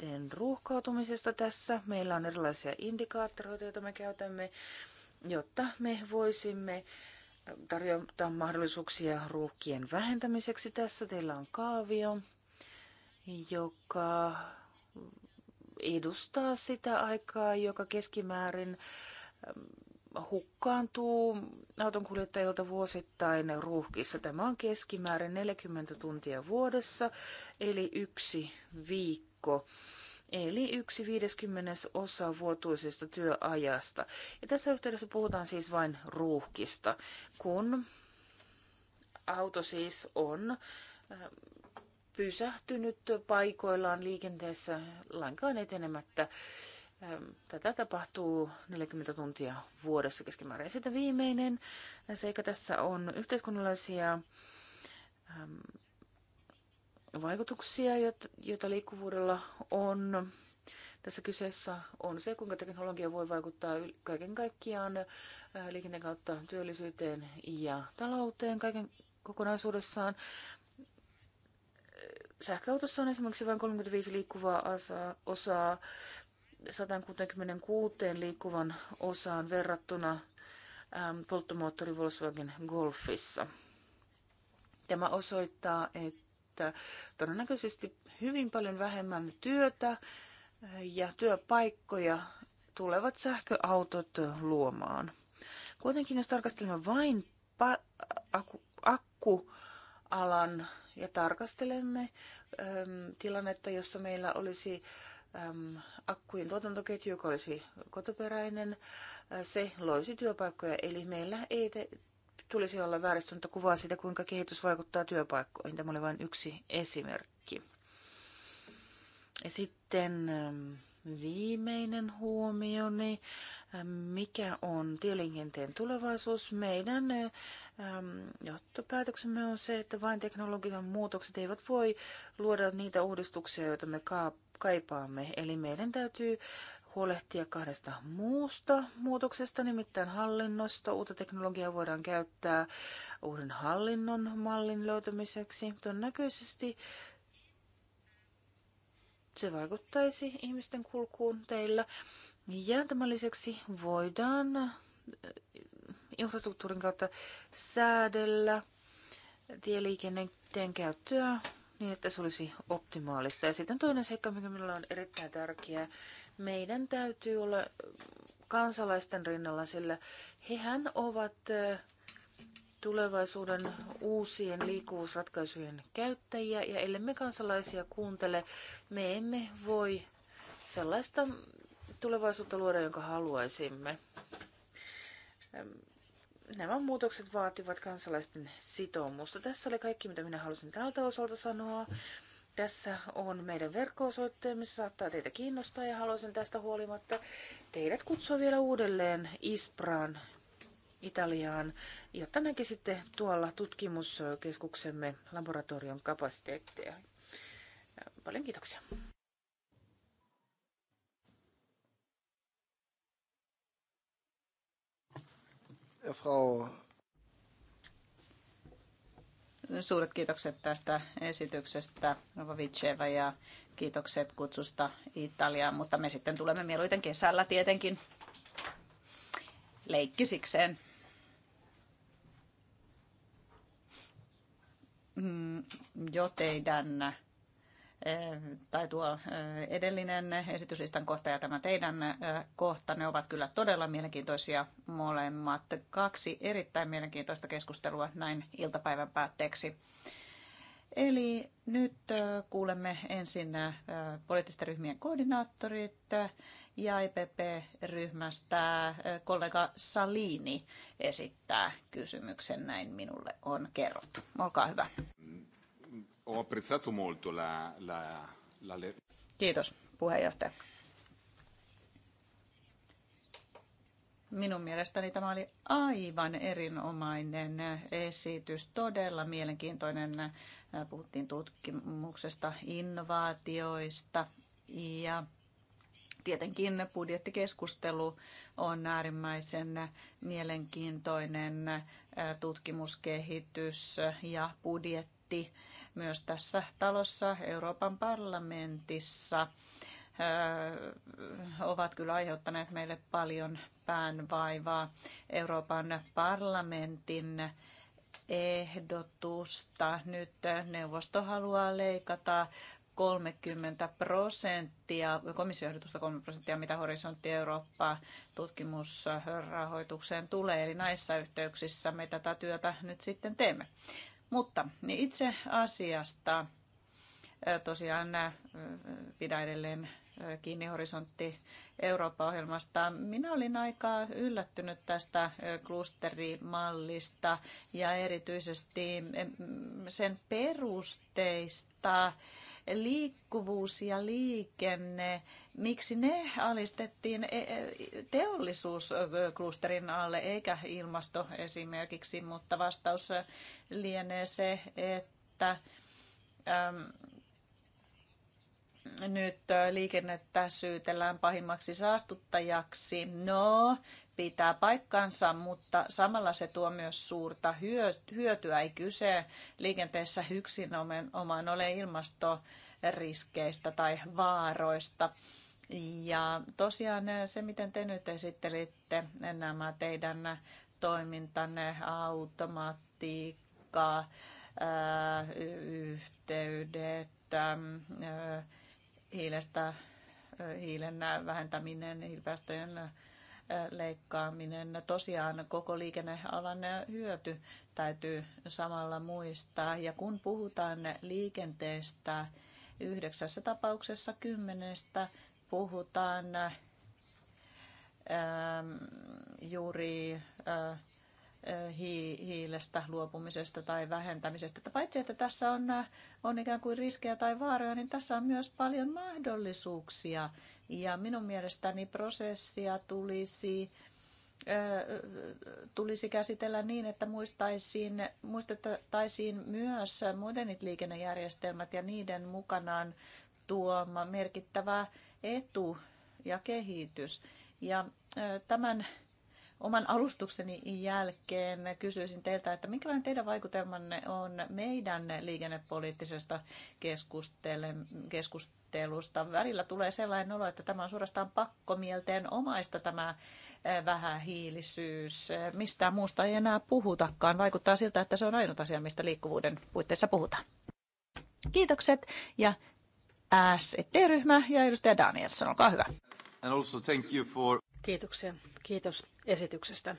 sitten ruuhkautumisesta tässä. Meillä on erilaisia indikaattoreita, joita me käytämme, jotta me voisimme tarjota mahdollisuuksia ruuhkien vähentämiseksi. Tässä teillä on kaavio, joka edustaa sitä aikaa, joka keskimäärin ähm, hukkaantuu autonkuljettajilta vuosittain ruuhkissa. Tämä on keskimäärin 40 tuntia vuodessa, eli yksi viikko viikko, eli yksi viideskymmenes osa vuotuisesta työajasta. Ja tässä yhteydessä puhutaan siis vain ruuhkista, kun auto siis on äh, pysähtynyt paikoillaan liikenteessä lainkaan etenemättä. Ähm, tätä tapahtuu 40 tuntia vuodessa keskimäärin. Sitten viimeinen seikka tässä on yhteiskunnallisia ähm, vaikutuksia, joita liikkuvuudella on. Tässä kyseessä on se, kuinka teknologia voi vaikuttaa kaiken kaikkiaan äh, liikenteen kautta työllisyyteen ja talouteen kaiken kokonaisuudessaan. Sähköautossa on esimerkiksi vain 35 liikkuvaa osaa 166 liikkuvan osaan verrattuna ähm, polttomoottori Volkswagen Golfissa. Tämä osoittaa, että käyttää todennäköisesti hyvin paljon vähemmän työtä ja työpaikkoja tulevat sähköautot luomaan. Kuitenkin jos tarkastelemme vain akku, akkualan ja tarkastelemme äm, tilannetta, jossa meillä olisi äm, akkujen tuotantoketju, joka olisi kotoperäinen, äh, se loisi työpaikkoja. Eli meillä ei te- tulisi olla vääristynyttä kuvaa siitä, kuinka kehitys vaikuttaa työpaikkoihin. Tämä oli vain yksi esimerkki. Ja sitten ähm, viimeinen huomioni, ähm, mikä on tieliikenteen tulevaisuus. Meidän ähm, johtopäätöksemme on se, että vain teknologian muutokset eivät voi luoda niitä uudistuksia, joita me kaipaamme. Eli meidän täytyy huolehtia kahdesta muusta muutoksesta, nimittäin hallinnosta. Uutta teknologiaa voidaan käyttää uuden hallinnon mallin löytämiseksi. Todennäköisesti se vaikuttaisi ihmisten kulkuun teillä. Ja tämän lisäksi voidaan eh, infrastruktuurin kautta säädellä tieliikenteen käyttöä niin, että se olisi optimaalista. Ja sitten toinen seikka, mikä minulla on erittäin tärkeä, meidän täytyy olla kansalaisten rinnalla, sillä hehän ovat tulevaisuuden uusien liikkuvuusratkaisujen käyttäjiä, ja ellemme kansalaisia kuuntele, me emme voi sellaista tulevaisuutta luoda, jonka haluaisimme. Nämä muutokset vaativat kansalaisten sitoumusta. Tässä oli kaikki, mitä minä halusin tältä osalta sanoa. Tässä on meidän verkko missä saattaa teitä kiinnostaa ja haluaisin tästä huolimatta teidät kutsua vielä uudelleen Ispraan Italiaan, jotta näkisitte tuolla tutkimuskeskuksemme laboratorion kapasiteetteja. Paljon kiitoksia. Frau Suuret kiitokset tästä esityksestä, Vavitseva, ja kiitokset kutsusta Italiaan, mutta me sitten tulemme mieluiten kesällä tietenkin leikkisikseen. Mm, jo teidän tai tuo edellinen esityslistan kohta ja tämä teidän kohta, ne ovat kyllä todella mielenkiintoisia molemmat. Kaksi erittäin mielenkiintoista keskustelua näin iltapäivän päätteeksi. Eli nyt kuulemme ensin poliittisten ryhmien koordinaattorit ja ipp ryhmästä kollega Salini esittää kysymyksen, näin minulle on kerrottu. Olkaa hyvä. Ho apprezzato molto la, la, la... Kiitos puheenjohtaja. Minun mielestäni tämä oli aivan erinomainen esitys, todella mielenkiintoinen. Puhuttiin tutkimuksesta, innovaatioista ja tietenkin budjettikeskustelu on äärimmäisen mielenkiintoinen tutkimuskehitys ja budjetti myös tässä talossa, Euroopan parlamentissa, ovat kyllä aiheuttaneet meille paljon päänvaivaa. Euroopan parlamentin ehdotusta nyt neuvosto haluaa leikata 30 prosenttia, komissioehdotusta 3 prosenttia, mitä Horisontti Eurooppa tutkimusrahoitukseen tulee. Eli näissä yhteyksissä me tätä työtä nyt sitten teemme. Mutta niin itse asiasta tosiaan pidä edelleen kiinni horisontti Eurooppa-ohjelmasta. Minä olin aika yllättynyt tästä klusterimallista ja erityisesti sen perusteista liikkuvuus ja liikenne, miksi ne alistettiin e, e, teollisuusklusterin alle eikä ilmasto esimerkiksi, mutta vastaus lienee se, että nyt liikennettä syytellään pahimmaksi saastuttajaksi. No, pitää paikkansa, mutta samalla se tuo myös suurta hyötyä. Ei kyse liikenteessä yksin omaan ole ilmastoriskeistä tai vaaroista. Ja tosiaan se, miten te nyt esittelitte nämä teidän toimintanne, automatiikka, yhteydet, hiilestä, hiilen vähentäminen, hiilipäästöjen leikkaaminen. Tosiaan koko liikennealan hyöty täytyy samalla muistaa. Ja kun puhutaan liikenteestä, yhdeksässä tapauksessa kymmenestä puhutaan ähm, juuri äh, hiilestä luopumisesta tai vähentämisestä. paitsi että tässä on, äh, on ikään kuin riskejä tai vaaroja, niin tässä on myös paljon mahdollisuuksia ja minun mielestäni prosessia tulisi tulisi käsitellä niin, että muistaisiin, muistettaisiin myös modernit liikennejärjestelmät ja niiden mukanaan tuoma merkittävä etu ja kehitys. Ja tämän oman alustukseni jälkeen kysyisin teiltä, että minkälainen teidän vaikutelmanne on meidän liikennepoliittisesta keskustelusta. Välillä tulee sellainen olo, että tämä on suorastaan pakkomielteen omaista tämä vähähiilisyys. Mistään muusta ei enää puhutakaan. Vaikuttaa siltä, että se on ainut asia, mistä liikkuvuuden puitteissa puhutaan. Kiitokset ja ST-ryhmä ja edustaja Danielson, olkaa hyvä. And also thank you for... Kiitoksia. Kiitos esityksestä.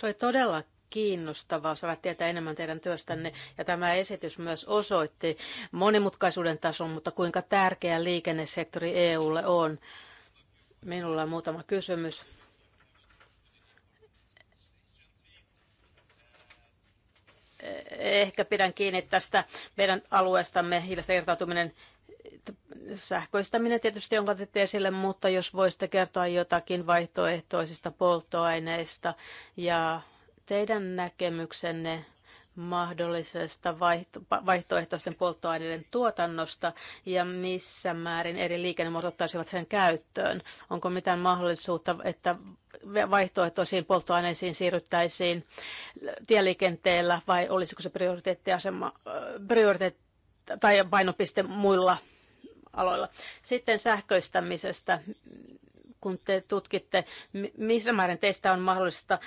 Se oli todella kiinnostavaa saada tietää enemmän teidän työstänne. Ja tämä esitys myös osoitti monimutkaisuuden tason, mutta kuinka tärkeä liikennesektori EUlle on. Minulla on muutama kysymys. Ehkä pidän kiinni tästä meidän alueestamme hiilestä irtautuminen Sähköistäminen tietysti on otettu esille, mutta jos voisitte kertoa jotakin vaihtoehtoisista polttoaineista ja teidän näkemyksenne mahdollisesta vaihtoehtoisten polttoaineiden tuotannosta ja missä määrin eri liikennemuodot ottaisivat sen käyttöön? Onko mitään mahdollisuutta, että vaihtoehtoisiin polttoaineisiin siirryttäisiin tieliikenteellä vai olisiko se prioriteettiasema, prioriteetti tai painopiste muilla aloilla. Sitten sähköistämisestä, kun te tutkitte, missä määrin teistä on mahdollista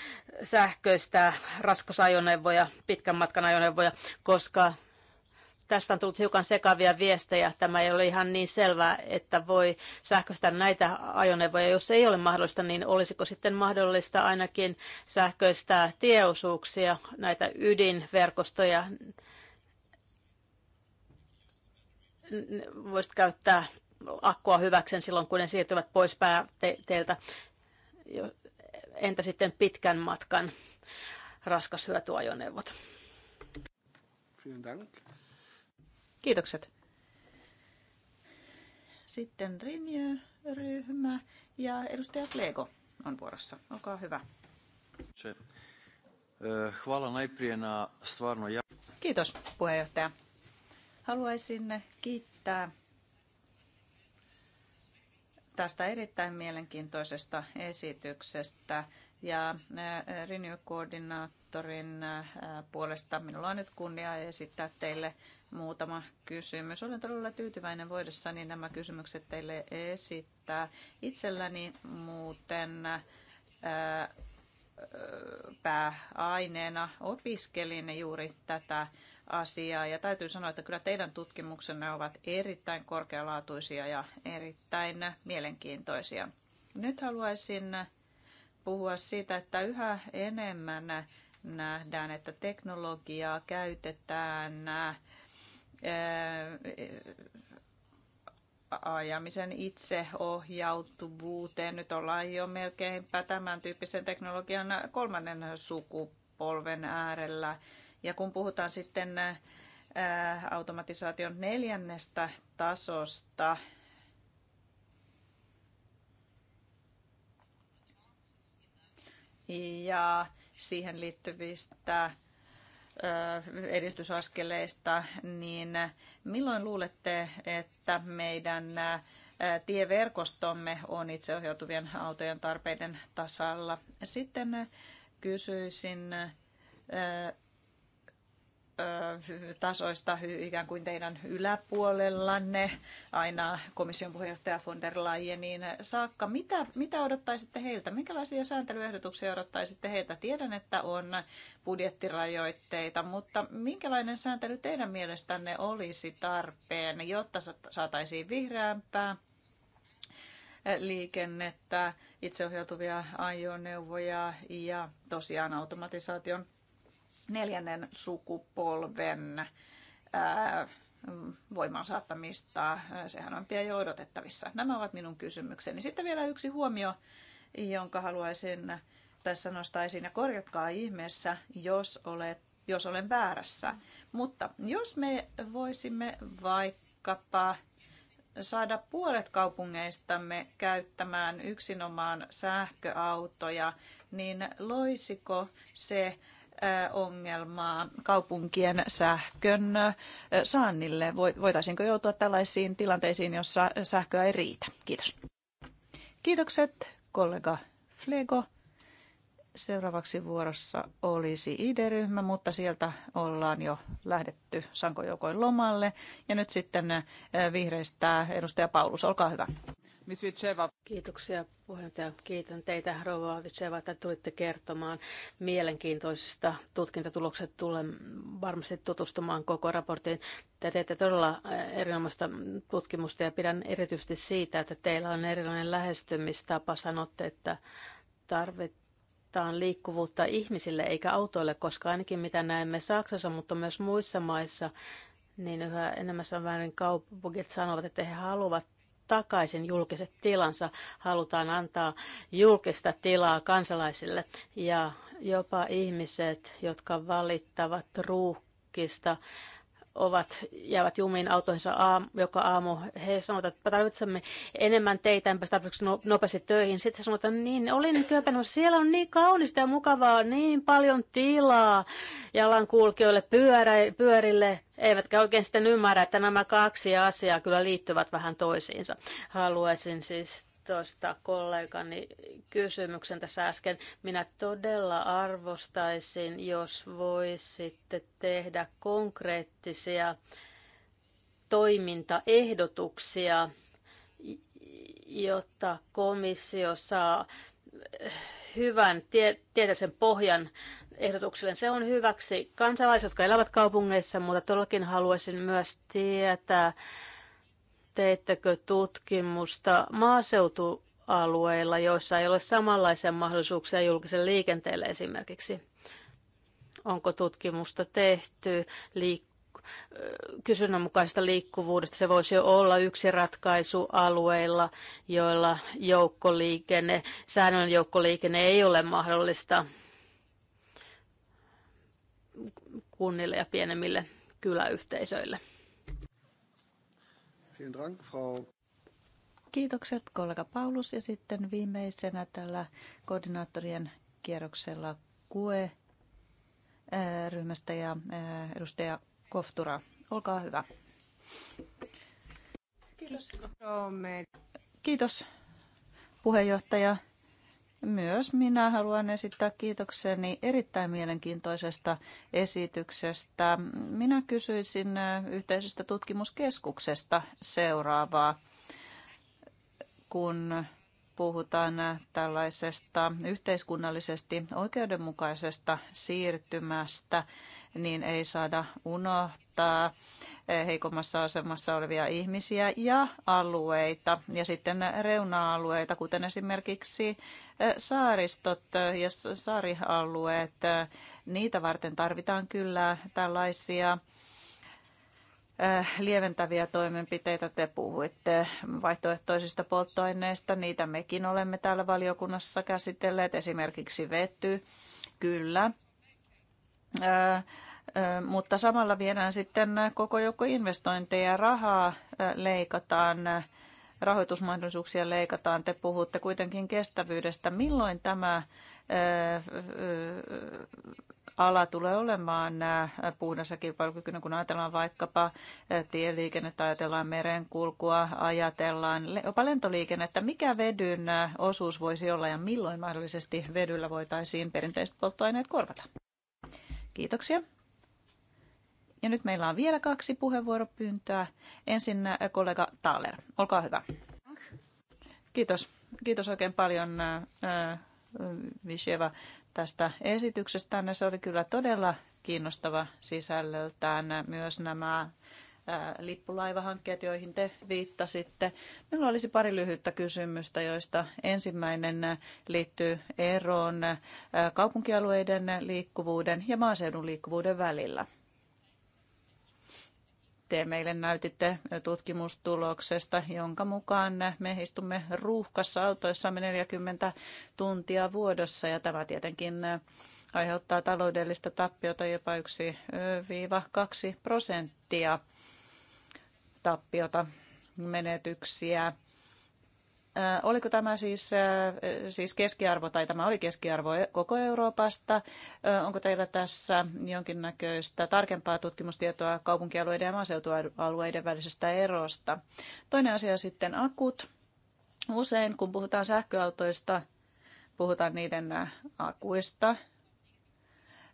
sähköistää raskasajoneuvoja, pitkän matkan ajoneuvoja, koska tästä on tullut hiukan sekavia viestejä. Tämä ei ole ihan niin selvää, että voi sähköistää näitä ajoneuvoja. Jos ei ole mahdollista, niin olisiko sitten mahdollista ainakin sähköistää tieosuuksia, näitä ydinverkostoja, voisit käyttää akkua hyväksen silloin, kun ne siirtyvät pois teiltä. Entä sitten pitkän matkan raskas hyötyajoneuvot? Kiitokset. Sitten Rinjö-ryhmä ja edustaja Plego on vuorossa. Olkaa hyvä. Eh, Kiitos puheenjohtaja. Haluaisin kiittää tästä erittäin mielenkiintoisesta esityksestä ja Renew-koordinaattorin puolesta minulla on nyt kunnia esittää teille muutama kysymys. Olen todella tyytyväinen voidessani nämä kysymykset teille esittää. Itselläni muuten pääaineena opiskelin juuri tätä asiaa. Ja täytyy sanoa, että kyllä teidän tutkimuksenne ovat erittäin korkealaatuisia ja erittäin mielenkiintoisia. Nyt haluaisin puhua siitä, että yhä enemmän nähdään, että teknologiaa käytetään ajamisen itseohjautuvuuteen. Nyt ollaan jo melkeinpä tämän tyyppisen teknologian kolmannen sukupolven äärellä. Ja kun puhutaan sitten äh, automatisaation neljännestä tasosta, ja siihen liittyvistä äh, edistysaskeleista, niin milloin luulette, että meidän äh, tieverkostomme on itseohjautuvien autojen tarpeiden tasalla? Sitten kysyisin tasoista ikään kuin teidän yläpuolellanne aina komission puheenjohtaja von der Leyenin niin saakka. Mitä, mitä odottaisitte heiltä? Minkälaisia sääntelyehdotuksia odottaisitte heiltä? Tiedän, että on budjettirajoitteita, mutta minkälainen sääntely teidän mielestänne olisi tarpeen, jotta saataisiin vihreämpää liikennettä, itseohjautuvia ajoneuvoja ja tosiaan automatisaation neljännen sukupolven ää, voimaan saattamista. Sehän on pian jo odotettavissa. Nämä ovat minun kysymykseni. Sitten vielä yksi huomio, jonka haluaisin tässä nostaa esiin. Ja korjatkaa ihmeessä, jos, olet, jos olen väärässä. Mutta jos me voisimme vaikkapa saada puolet kaupungeistamme käyttämään yksinomaan sähköautoja, niin loisiko se ongelmaa kaupunkien sähkön saannille? Voitaisiinko joutua tällaisiin tilanteisiin, jossa sähköä ei riitä? Kiitos. Kiitokset kollega Flego. Seuraavaksi vuorossa olisi ID-ryhmä, mutta sieltä ollaan jo lähdetty sankojoukoin lomalle. Ja nyt sitten vihreistä edustaja Paulus, olkaa hyvä. Kiitoksia puheenjohtaja. Kiitän teitä, Rouva Valtitseva, että tulitte kertomaan mielenkiintoisista tutkintatulokset. Tulen varmasti tutustumaan koko raporttiin. Te teette todella eh, erinomaista tutkimusta ja pidän erityisesti siitä, että teillä on erilainen lähestymistapa. Sanotte, että tarvitaan liikkuvuutta ihmisille eikä autoille, koska ainakin mitä näemme Saksassa, mutta myös muissa maissa, niin yhä enemmän on väärin kaupungit sanovat, että he haluavat takaisin julkiset tilansa. Halutaan antaa julkista tilaa kansalaisille ja jopa ihmiset, jotka valittavat ruuhkista, ovat, jäävät jumiin autoihinsa aam, joka aamu. He sanovat, että tarvitsemme enemmän teitä, enpä tarvitse no-, nopeasti töihin. Sitten he sanovat, että niin, olin Kööpenhaminassa, siellä on niin kaunista ja mukavaa, niin paljon tilaa jalankulkijoille, pyörä, pyörille. Eivätkä oikein sitten ymmärrä, että nämä kaksi asiaa kyllä liittyvät vähän toisiinsa. Haluaisin siis tuosta kollegani kysymyksen tässä äsken. Minä todella arvostaisin, jos voisitte tehdä konkreettisia toimintaehdotuksia, jotta komissio saa hyvän tie- tieteellisen pohjan ehdotukselle. Se on hyväksi kansalaiset, jotka elävät kaupungeissa, mutta todellakin haluaisin myös tietää, teettekö tutkimusta maaseutualueilla, joissa ei ole samanlaisia mahdollisuuksia julkisen liikenteelle esimerkiksi? Onko tutkimusta tehty liik- kysynnän mukaista liikkuvuudesta? Se voisi olla yksi ratkaisu alueilla, joilla joukkoliikenne, säännöllinen joukkoliikenne ei ole mahdollista kunnille ja pienemmille kyläyhteisöille. Kiitokset kollega Paulus ja sitten viimeisenä tällä koordinaattorien kierroksella KUE äh, ryhmästä ja äh, edustaja Koftura. Olkaa hyvä. Kiitos. Kiitos puheenjohtaja. Myös minä haluan esittää kiitokseni erittäin mielenkiintoisesta esityksestä. Minä kysyisin yhteisestä tutkimuskeskuksesta seuraavaa, kun puhutaan tällaisesta yhteiskunnallisesti oikeudenmukaisesta siirtymästä, niin ei saada unohtaa, auttaa eh, heikommassa asemassa olevia ihmisiä ja alueita ja sitten reuna-alueita, kuten esimerkiksi eh, saaristot ja saarialueet. Niitä varten tarvitaan kyllä tällaisia eh, lieventäviä toimenpiteitä te puhuitte vaihtoehtoisista polttoaineista. Niitä mekin olemme täällä valiokunnassa käsitelleet, esimerkiksi vety. Kyllä, mutta samalla viedään sitten koko joukko investointeja, rahaa leikataan, rahoitusmahdollisuuksia leikataan, te puhutte kuitenkin kestävyydestä. Milloin tämä ala tulee olemaan puhdassa kilpailukykyinen, kun ajatellaan vaikkapa tieliikennettä, ajatellaan merenkulkua, ajatellaan jopa lentoliikennettä. Mikä vedyn osuus voisi olla ja milloin mahdollisesti vedyllä voitaisiin perinteiset polttoaineet korvata? Kiitoksia. Ja nyt meillä on vielä kaksi puheenvuoropyyntöä. Ensin äh, kollega Taaler, olkaa hyvä. Kiitos. Kiitos oikein paljon äh, äh, Visheva tästä esityksestä. Se oli kyllä todella kiinnostava sisällöltään myös nämä lippulaivahankkeet, joihin te viittasitte. Minulla olisi pari lyhyttä kysymystä, joista ensimmäinen liittyy eroon kaupunkialueiden liikkuvuuden ja maaseudun liikkuvuuden välillä te meille näytitte tutkimustuloksesta, jonka mukaan me istumme ruuhkassa autoissamme 40 tuntia vuodossa ja tämä tietenkin aiheuttaa taloudellista tappiota jopa 1-2 prosenttia tappiota menetyksiä. Äh, oliko tämä siis, äh, siis keskiarvo, tai tämä oli keskiarvo koko Euroopasta? Äh, onko teillä tässä jonkinnäköistä tarkempaa tutkimustietoa kaupunkialueiden ja maaseutualueiden välisestä erosta? Toinen asia sitten akut. Usein kun puhutaan sähköautoista, puhutaan niiden akuista.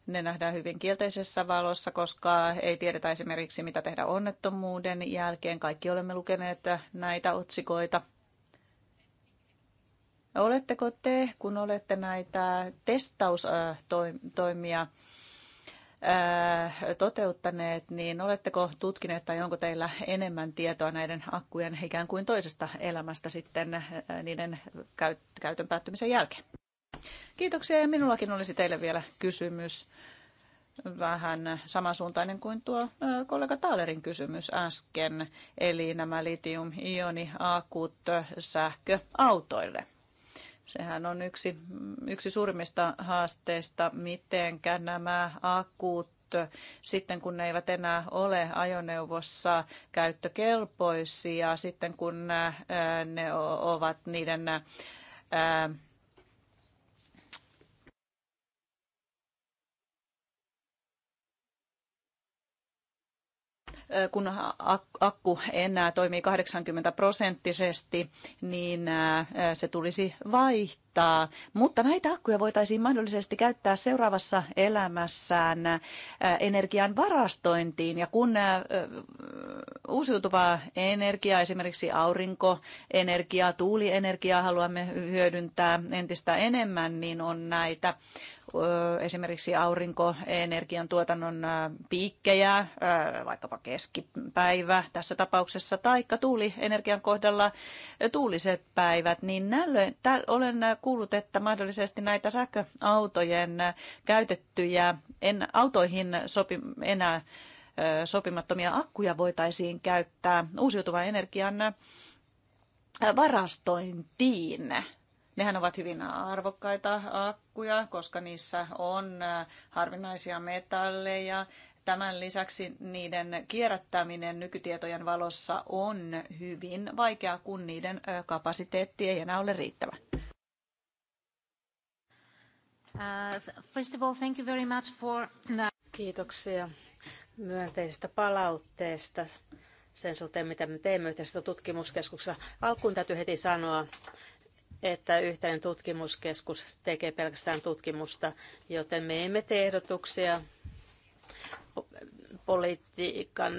Ne nähdään hyvin kielteisessä valossa, koska ei tiedetä esimerkiksi, mitä tehdä onnettomuuden jälkeen. Kaikki olemme lukeneet näitä otsikoita – Oletteko te, kun olette näitä testaustoimia äh, toteuttaneet, niin oletteko tutkineet tai onko teillä enemmän tietoa näiden akkujen ikään kuin toisesta elämästä sitten äh, niiden käytön päättymisen jälkeen? Kiitoksia ja minullakin olisi teille vielä kysymys. Vähän samansuuntainen kuin tuo äh, kollega Taalerin kysymys äsken, eli nämä litium-ioni-akut sähköautoille. Sehän on yksi, yksi suurimmista haasteista, miten nämä akut sitten kun ne eivät enää ole ajoneuvossa käyttökelpoisia, sitten kun ne ovat niiden kun akku enää toimii 80 prosenttisesti, niin se tulisi vaihtaa. Mutta näitä akkuja voitaisiin mahdollisesti käyttää seuraavassa elämässään energian varastointiin. Ja kun uusiutuvaa energiaa, esimerkiksi aurinkoenergiaa, tuulienergiaa haluamme hyödyntää entistä enemmän, niin on näitä esimerkiksi aurinkoenergian tuotannon piikkejä, vaikkapa keskipäivä tässä tapauksessa, taikka tuulienergian kohdalla tuuliset päivät, niin nällöin, olen kuullut, että mahdollisesti näitä sähköautojen käytettyjä en, autoihin sopi, enää sopimattomia akkuja voitaisiin käyttää uusiutuvan energian varastointiin Nehän ovat hyvin arvokkaita akkuja, koska niissä on äh, harvinaisia metalleja. Tämän lisäksi niiden kierrättäminen nykytietojen valossa on hyvin vaikeaa, kun niiden äh, kapasiteetti ei enää ole riittävä. Uh, first of all, thank you very much for... Kiitoksia myönteisestä palautteesta sen suhteen, mitä me teemme yhteisestä tutkimuskeskuksessa. Alkuun täytyy heti sanoa, että yhteinen tutkimuskeskus tekee pelkästään tutkimusta, joten me emme tee ehdotuksia politiikan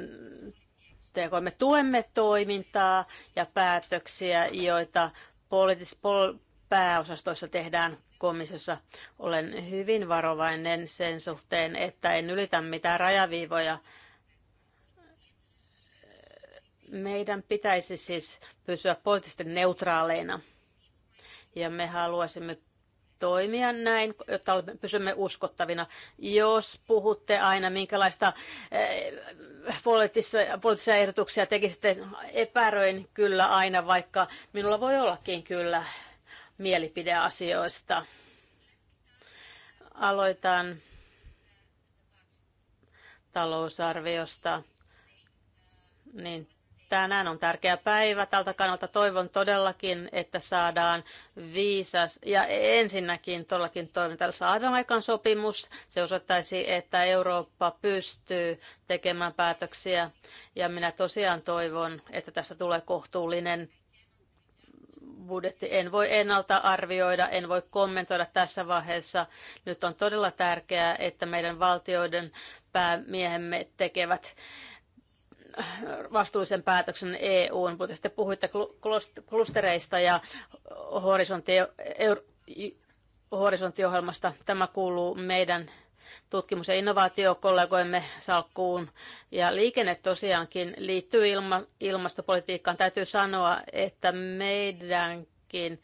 teko. Me tuemme toimintaa ja päätöksiä, joita poliittis- pol- pääosastoissa tehdään komissiossa. Olen hyvin varovainen sen suhteen, että en ylitä mitään rajaviivoja. Meidän pitäisi siis pysyä poliittisesti neutraaleina – ja me haluaisimme toimia näin, jotta pysymme uskottavina. Jos puhutte aina, minkälaista eh, poliittisia, poliittisia ehdotuksia tekisitte, epäröin kyllä aina, vaikka minulla voi ollakin kyllä mielipideasioista. Aloitan talousarviosta. Niin Tänään on tärkeä päivä. Tältä kannalta toivon todellakin, että saadaan viisas. Ja ensinnäkin todellakin toivon, että saadaan aikaan sopimus. Se osoittaisi, että Eurooppa pystyy tekemään päätöksiä. Ja minä tosiaan toivon, että tässä tulee kohtuullinen budjetti. En voi ennalta arvioida, en voi kommentoida tässä vaiheessa. Nyt on todella tärkeää, että meidän valtioiden päämiehemme tekevät vastuullisen päätöksen EUn, mutta sitten puhuitte klustereista ja horisontti, horisonttiohjelmasta. Tämä kuuluu meidän tutkimus- ja innovaatiokollegoimme salkkuun. Ja liikenne tosiaankin liittyy ilma, ilmastopolitiikkaan. Täytyy sanoa, että meidänkin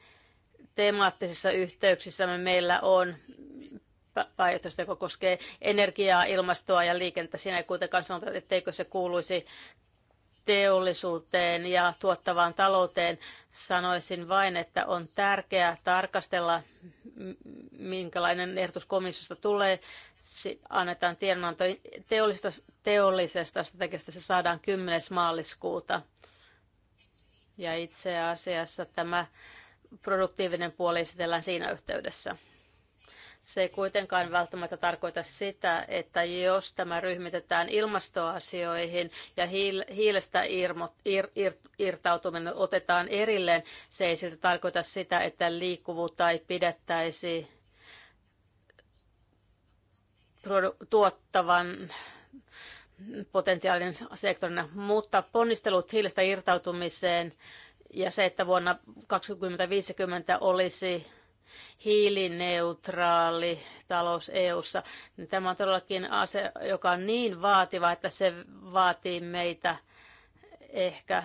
temaattisissa yhteyksissämme meillä on päätöstä, joka koskee energiaa, ilmastoa ja liikennettä. Siinä ei kuitenkaan sanota, etteikö se kuuluisi teollisuuteen ja tuottavaan talouteen. Sanoisin vain, että on tärkeää tarkastella, minkälainen ehdotus komissiosta tulee. Annetaan tiedonanto teollisesta, teollisesta strategiasta, se saadaan 10. maaliskuuta. Ja itse asiassa tämä produktiivinen puoli esitellään siinä yhteydessä. Se ei kuitenkaan välttämättä tarkoita sitä, että jos tämä ryhmitetään ilmastoasioihin ja hiilestä irtautuminen otetaan erilleen, se ei siltä tarkoita sitä, että liikkuvuutta ei pidettäisi tuottavan potentiaalinen sektorina, mutta ponnistelut hiilestä irtautumiseen ja se, että vuonna 2050 olisi hiilineutraali talous EU:ssa. Niin tämä on todellakin asia, joka on niin vaativa, että se vaatii meitä ehkä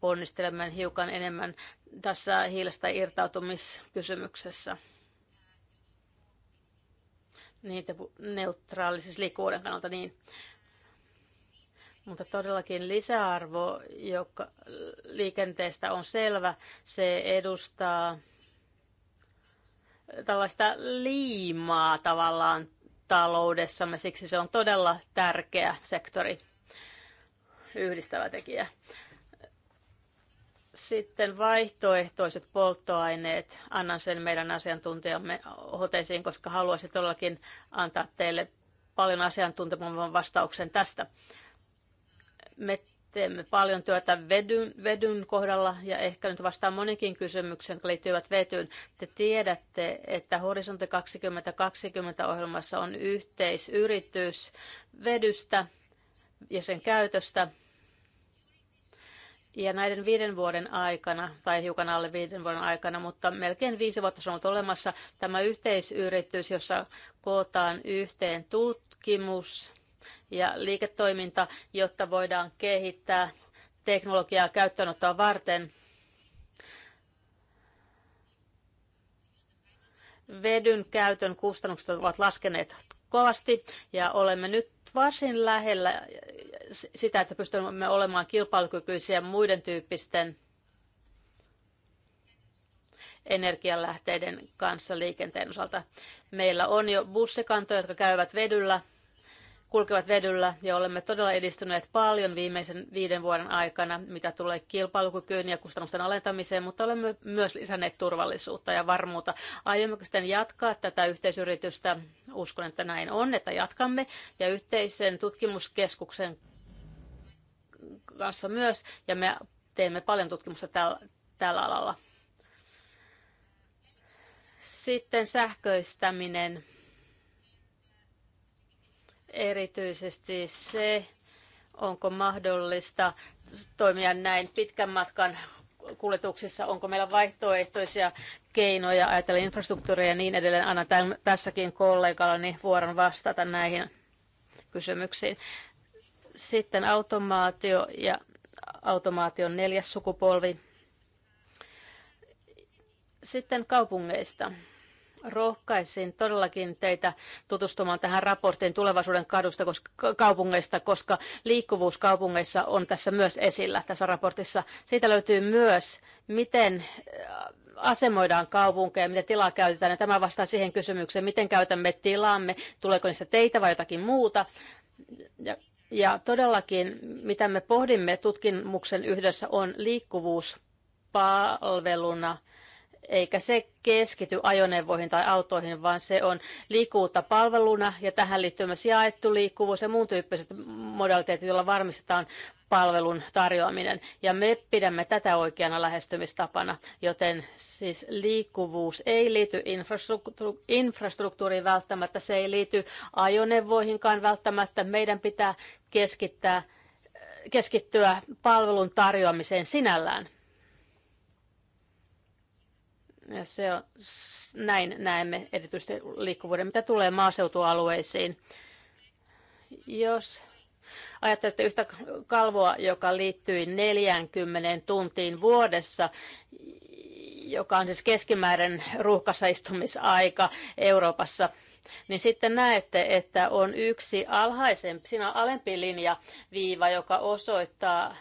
ponnistelemaan hiukan enemmän tässä hiilestä irtautumiskysymyksessä niitä neutraali, siis liikkuvuuden kannalta niin. Mutta todellakin lisäarvo joka liikenteestä on selvä. Se edustaa tällaista liimaa tavallaan taloudessamme, siksi se on todella tärkeä sektori, yhdistävä tekijä. Sitten vaihtoehtoiset polttoaineet. Annan sen meidän asiantuntijamme hoteisiin, koska haluaisin todellakin antaa teille paljon asiantuntemuksen vastauksen tästä. Me Teemme paljon työtä vedyn, vedyn kohdalla ja ehkä nyt vastaan monikin kysymyksen, jotka liittyvät vetyyn. Te tiedätte, että Horisontti 2020 ohjelmassa on yhteisyritys vedystä ja sen käytöstä. Ja näiden viiden vuoden aikana, tai hiukan alle viiden vuoden aikana, mutta melkein viisi vuotta se on ollut olemassa, tämä yhteisyritys, jossa kootaan yhteen tutkimus, ja liiketoiminta, jotta voidaan kehittää teknologiaa käyttöönottoa varten. Vedyn käytön kustannukset ovat laskeneet kovasti ja olemme nyt varsin lähellä sitä, että pystymme olemaan kilpailukykyisiä muiden tyyppisten energialähteiden kanssa liikenteen osalta. Meillä on jo bussikantoja, jotka käyvät vedyllä – kulkevat vedyllä ja olemme todella edistyneet paljon viimeisen viiden vuoden aikana, mitä tulee kilpailukykyyn ja kustannusten alentamiseen, mutta olemme myös lisänneet turvallisuutta ja varmuutta. Aiommeko sitten jatkaa tätä yhteisyritystä? Uskon, että näin on, että jatkamme. Ja yhteisen tutkimuskeskuksen kanssa myös, ja me teemme paljon tutkimusta tällä, tällä alalla. Sitten sähköistäminen erityisesti se, onko mahdollista toimia näin pitkän matkan kuljetuksissa, onko meillä vaihtoehtoisia keinoja ajatella infrastruktuuria ja niin edelleen. Anna tämän, tässäkin kollegallani vuoron vastata näihin kysymyksiin. Sitten automaatio ja automaation neljäs sukupolvi. Sitten kaupungeista rohkaisin todellakin teitä tutustumaan tähän raporttiin tulevaisuuden kadusta, koska, kaupungeista, koska liikkuvuus kaupungeissa on tässä myös esillä tässä raportissa. Siitä löytyy myös, miten äh, asemoidaan kaupunkeja, miten tilaa käytetään. Ja tämä vastaa siihen kysymykseen, miten käytämme tilaamme, tuleeko niistä teitä vai jotakin muuta. Ja, ja todellakin, mitä me pohdimme tutkimuksen yhdessä, on liikkuvuus palveluna – eikä se keskity ajoneuvoihin tai autoihin, vaan se on liikkuvuutta palveluna ja tähän liittyy myös jaettu liikkuvuus ja muun tyyppiset modaliteetit, joilla varmistetaan palvelun tarjoaminen. Ja me pidämme tätä oikeana lähestymistapana, joten siis liikkuvuus ei liity infrastruktu- infrastruktuuriin välttämättä, se ei liity ajoneuvoihinkaan välttämättä. Meidän pitää keskittää, keskittyä palvelun tarjoamiseen sinällään. Ja se on, näin näemme erityisesti liikkuvuuden, mitä tulee maaseutualueisiin. Jos ajattelette yhtä kalvoa, joka liittyy 40 tuntiin vuodessa, joka on siis keskimääräinen ruuhkassa istumisaika Euroopassa, niin sitten näette, että on yksi alhaisempi, siinä on alempi linja viiva, joka osoittaa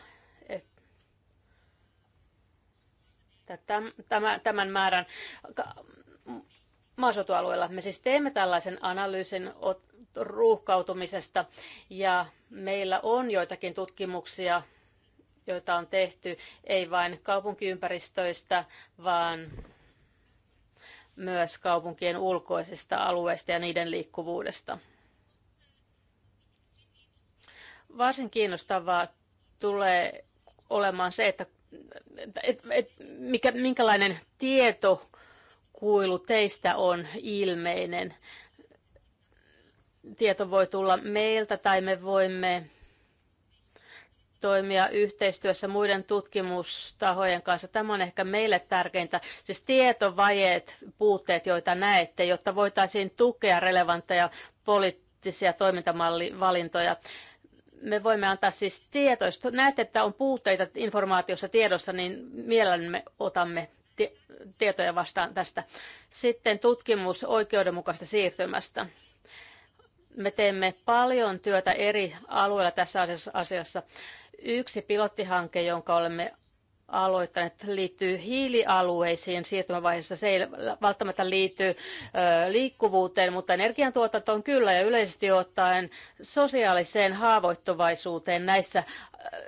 ja tämän, tämän määrän maasotualueella Me siis teemme tällaisen analyysin ruuhkautumisesta ja meillä on joitakin tutkimuksia, joita on tehty ei vain kaupunkiympäristöistä, vaan myös kaupunkien ulkoisista alueista ja niiden liikkuvuudesta. Varsin kiinnostavaa tulee olemaan se, että et, et, mikä, minkälainen tietokuilu teistä on ilmeinen. Tieto voi tulla meiltä tai me voimme toimia yhteistyössä muiden tutkimustahojen kanssa. Tämä on ehkä meille tärkeintä, siis tietovajeet, puutteet, joita näette, jotta voitaisiin tukea relevantteja poliittisia toimintamallivalintoja me voimme antaa siis tietoista näette, että on puutteita informaatiossa tiedossa, niin mielellämme otamme tietoja vastaan tästä. Sitten tutkimus oikeudenmukaista siirtymästä. Me teemme paljon työtä eri alueilla tässä asiassa. Yksi pilottihanke, jonka olemme aloittaneet, liittyy hiilialueisiin siirtymävaiheessa. Se ei välttämättä liity liikkuvuuteen, mutta energiantuotantoon kyllä ja yleisesti ottaen sosiaaliseen haavoittuvaisuuteen näissä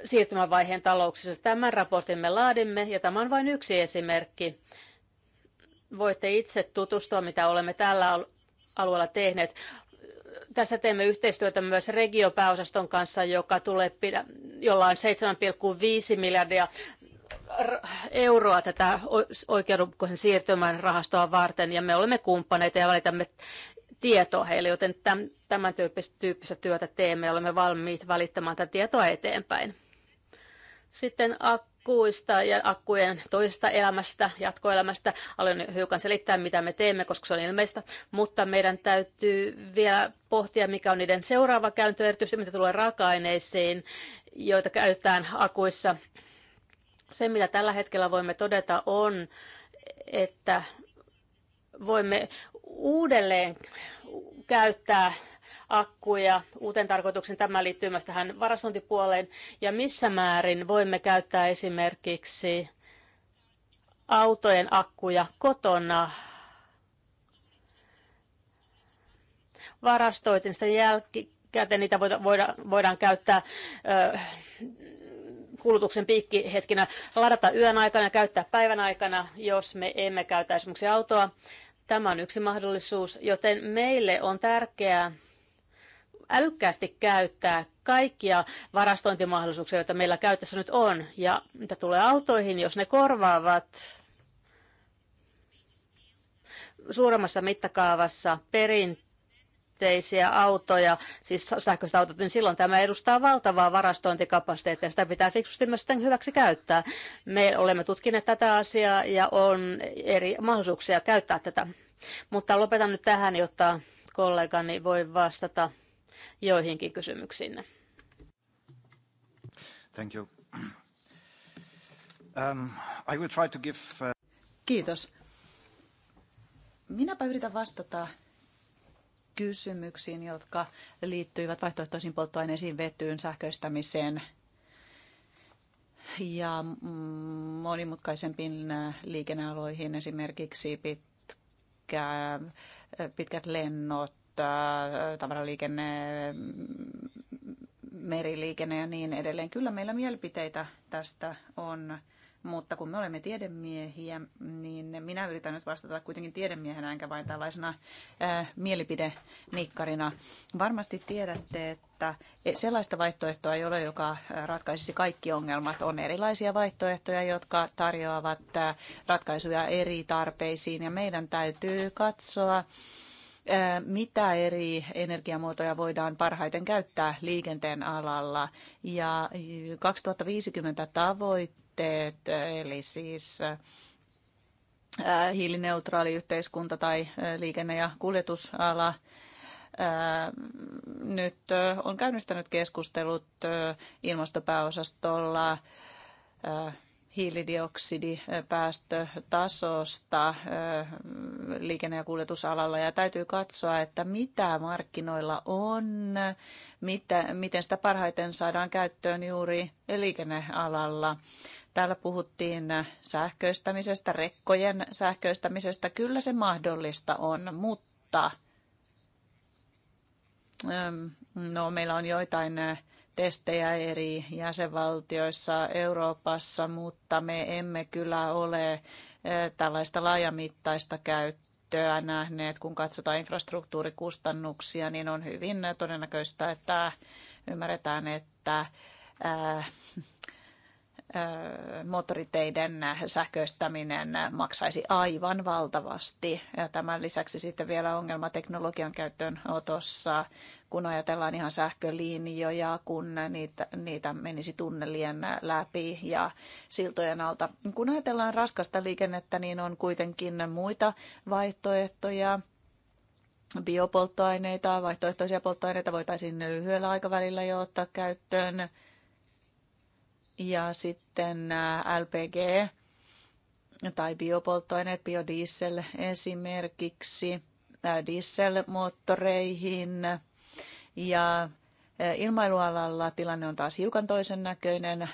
siirtymävaiheen talouksissa. Tämän raportin me laadimme ja tämä on vain yksi esimerkki. Voitte itse tutustua, mitä olemme tällä alueella tehneet tässä teemme yhteistyötä myös regiopääosaston kanssa, joka tulee, jolla on 7,5 miljardia euroa tätä oikeudenmukaisen siirtymän rahastoa varten ja me olemme kumppaneita ja välitämme tietoa heille, joten tämän tyyppistä, työtä teemme ja olemme valmiit välittämään tätä tietoa eteenpäin. Sitten akkuista ja akkujen toisesta elämästä, jatkoelämästä. Aloin hiukan selittää, mitä me teemme, koska se on ilmeistä, mutta meidän täytyy vielä pohtia, mikä on niiden seuraava käyntö, erityisesti mitä tulee raaka-aineisiin, joita käytetään akuissa se, mitä tällä hetkellä voimme todeta, on, että voimme uudelleen käyttää akkuja uuteen tarkoituksen. Tämä liittyy myös tähän varastointipuoleen. Ja missä määrin voimme käyttää esimerkiksi autojen akkuja kotona varastoitin sitä jälkikäteen, niitä voida, voida, voidaan käyttää ö, kulutuksen piikkihetkinä ladata yön aikana ja käyttää päivän aikana, jos me emme käytä esimerkiksi autoa. Tämä on yksi mahdollisuus, joten meille on tärkeää älykkäästi käyttää kaikkia varastointimahdollisuuksia, joita meillä käytössä nyt on. Ja mitä tulee autoihin, jos ne korvaavat suuremmassa mittakaavassa perintö sähkölämmitteisiä autoja, siis sähköiset autot, niin silloin tämä edustaa valtavaa varastointikapasiteettia. Sitä pitää fiksusti myös sitten hyväksi käyttää. Me olemme tutkineet tätä asiaa ja on eri mahdollisuuksia käyttää tätä. Mutta lopetan nyt tähän, jotta kollegani voi vastata joihinkin kysymyksiin. Thank you. Um, I will try to give... Uh, Kiitos. Minäpä yritän vastata kysymyksiin, jotka liittyivät vaihtoehtoisiin polttoaineisiin, vetyyn, sähköistämiseen ja monimutkaisempiin liikennealoihin, esimerkiksi pitkä, pitkät lennot, tavaraliikenne, meriliikenne ja niin edelleen. Kyllä meillä mielipiteitä tästä on mutta kun me olemme tiedemiehiä, niin minä yritän nyt vastata kuitenkin tiedemiehenä enkä vain tällaisena mielipide äh, mielipidenikkarina. Varmasti tiedätte, että e, sellaista vaihtoehtoa ei ole, joka äh, ratkaisisi kaikki ongelmat. On erilaisia vaihtoehtoja, jotka tarjoavat äh, ratkaisuja eri tarpeisiin ja meidän täytyy katsoa, mitä eri energiamuotoja voidaan parhaiten käyttää liikenteen alalla. Ja 2050 tavoitteet tavoitteet, eli siis hiilineutraali yhteiskunta tai liikenne- ja kuljetusala nyt on käynnistänyt keskustelut ilmastopääosastolla hiilidioksidipäästötasosta liikenne- ja kuljetusalalla ja täytyy katsoa, että mitä markkinoilla on, mitä, miten sitä parhaiten saadaan käyttöön juuri liikennealalla. Täällä puhuttiin sähköistämisestä, rekkojen sähköistämisestä. Kyllä se mahdollista on, mutta no, meillä on joitain testejä eri jäsenvaltioissa Euroopassa, mutta me emme kyllä ole tällaista laajamittaista käyttöä nähneet. Kun katsotaan infrastruktuurikustannuksia, niin on hyvin todennäköistä, että ymmärretään, että moottoriteiden sähköistäminen maksaisi aivan valtavasti. Ja tämän lisäksi sitten vielä ongelma teknologian otossa kun ajatellaan ihan sähkölinjoja, kun niitä, niitä menisi tunnelien läpi ja siltojen alta. Kun ajatellaan raskasta liikennettä, niin on kuitenkin muita vaihtoehtoja biopolttoaineita, vaihtoehtoisia polttoaineita voitaisiin lyhyellä aikavälillä jo ottaa käyttöön ja sitten äh, LPG tai biopolttoaineet, biodiesel esimerkiksi, äh, dieselmoottoreihin ja äh, ilmailualalla tilanne on taas hiukan toisen näköinen.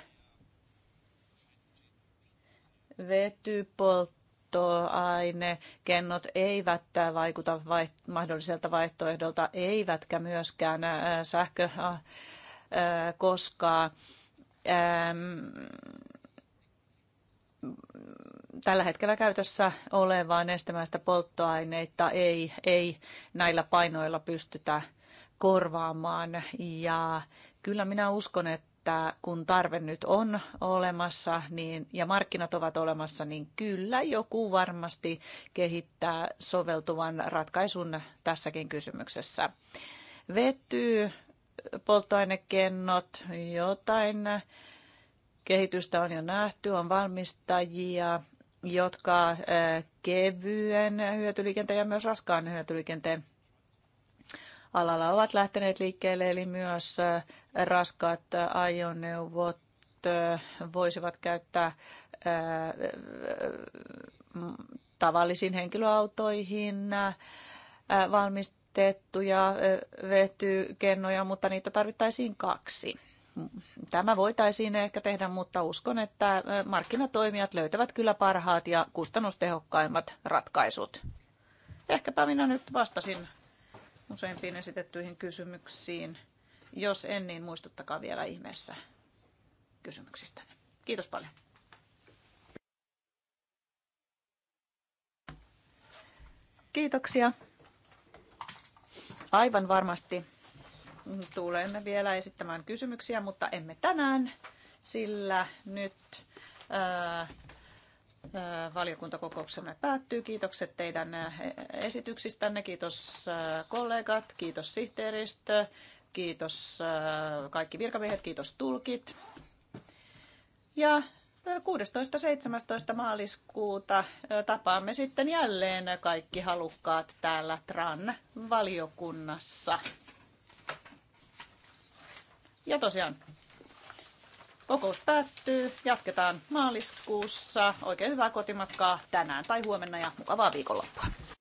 Vetypolttoaine, kennot eivät vaikuta vaiht- mahdolliselta vaihtoehdolta, eivätkä myöskään sähkö, koska tällä hetkellä käytössä olevaa nestemäistä polttoaineita ei, ei näillä painoilla pystytä korvaamaan. Ja kyllä minä uskon, että kun tarve nyt on olemassa niin, ja markkinat ovat olemassa, niin kyllä joku varmasti kehittää soveltuvan ratkaisun tässäkin kysymyksessä. Vety polttoainekennot, jotain kehitystä on jo nähty, on valmistajia, jotka kevyen hyötyliikenteen ja myös raskaan hyötyliikenteen alalla ovat lähteneet liikkeelle, eli myös raskaat ajoneuvot voisivat käyttää tavallisiin henkilöautoihin valmist varusteettuja vetykennoja, mutta niitä tarvittaisiin kaksi. Tämä voitaisiin ehkä tehdä, mutta uskon, että markkinatoimijat löytävät kyllä parhaat ja kustannustehokkaimmat ratkaisut. Ehkäpä minä nyt vastasin useimpiin esitettyihin kysymyksiin. Jos en, niin muistuttakaa vielä ihmeessä kysymyksistä. Kiitos paljon. Kiitoksia. Aivan varmasti tulemme vielä esittämään kysymyksiä, mutta emme tänään, sillä nyt ää, Valiokuntakokouksemme päättyy. Kiitokset teidän esityksistänne, kiitos kollegat, kiitos sihteeristö, kiitos kaikki virkamiehet, kiitos tulkit. Ja 16.17. maaliskuuta tapaamme sitten jälleen kaikki halukkaat täällä TRAN-valiokunnassa. Ja tosiaan kokous päättyy, jatketaan maaliskuussa. Oikein hyvää kotimatkaa tänään tai huomenna ja mukavaa viikonloppua.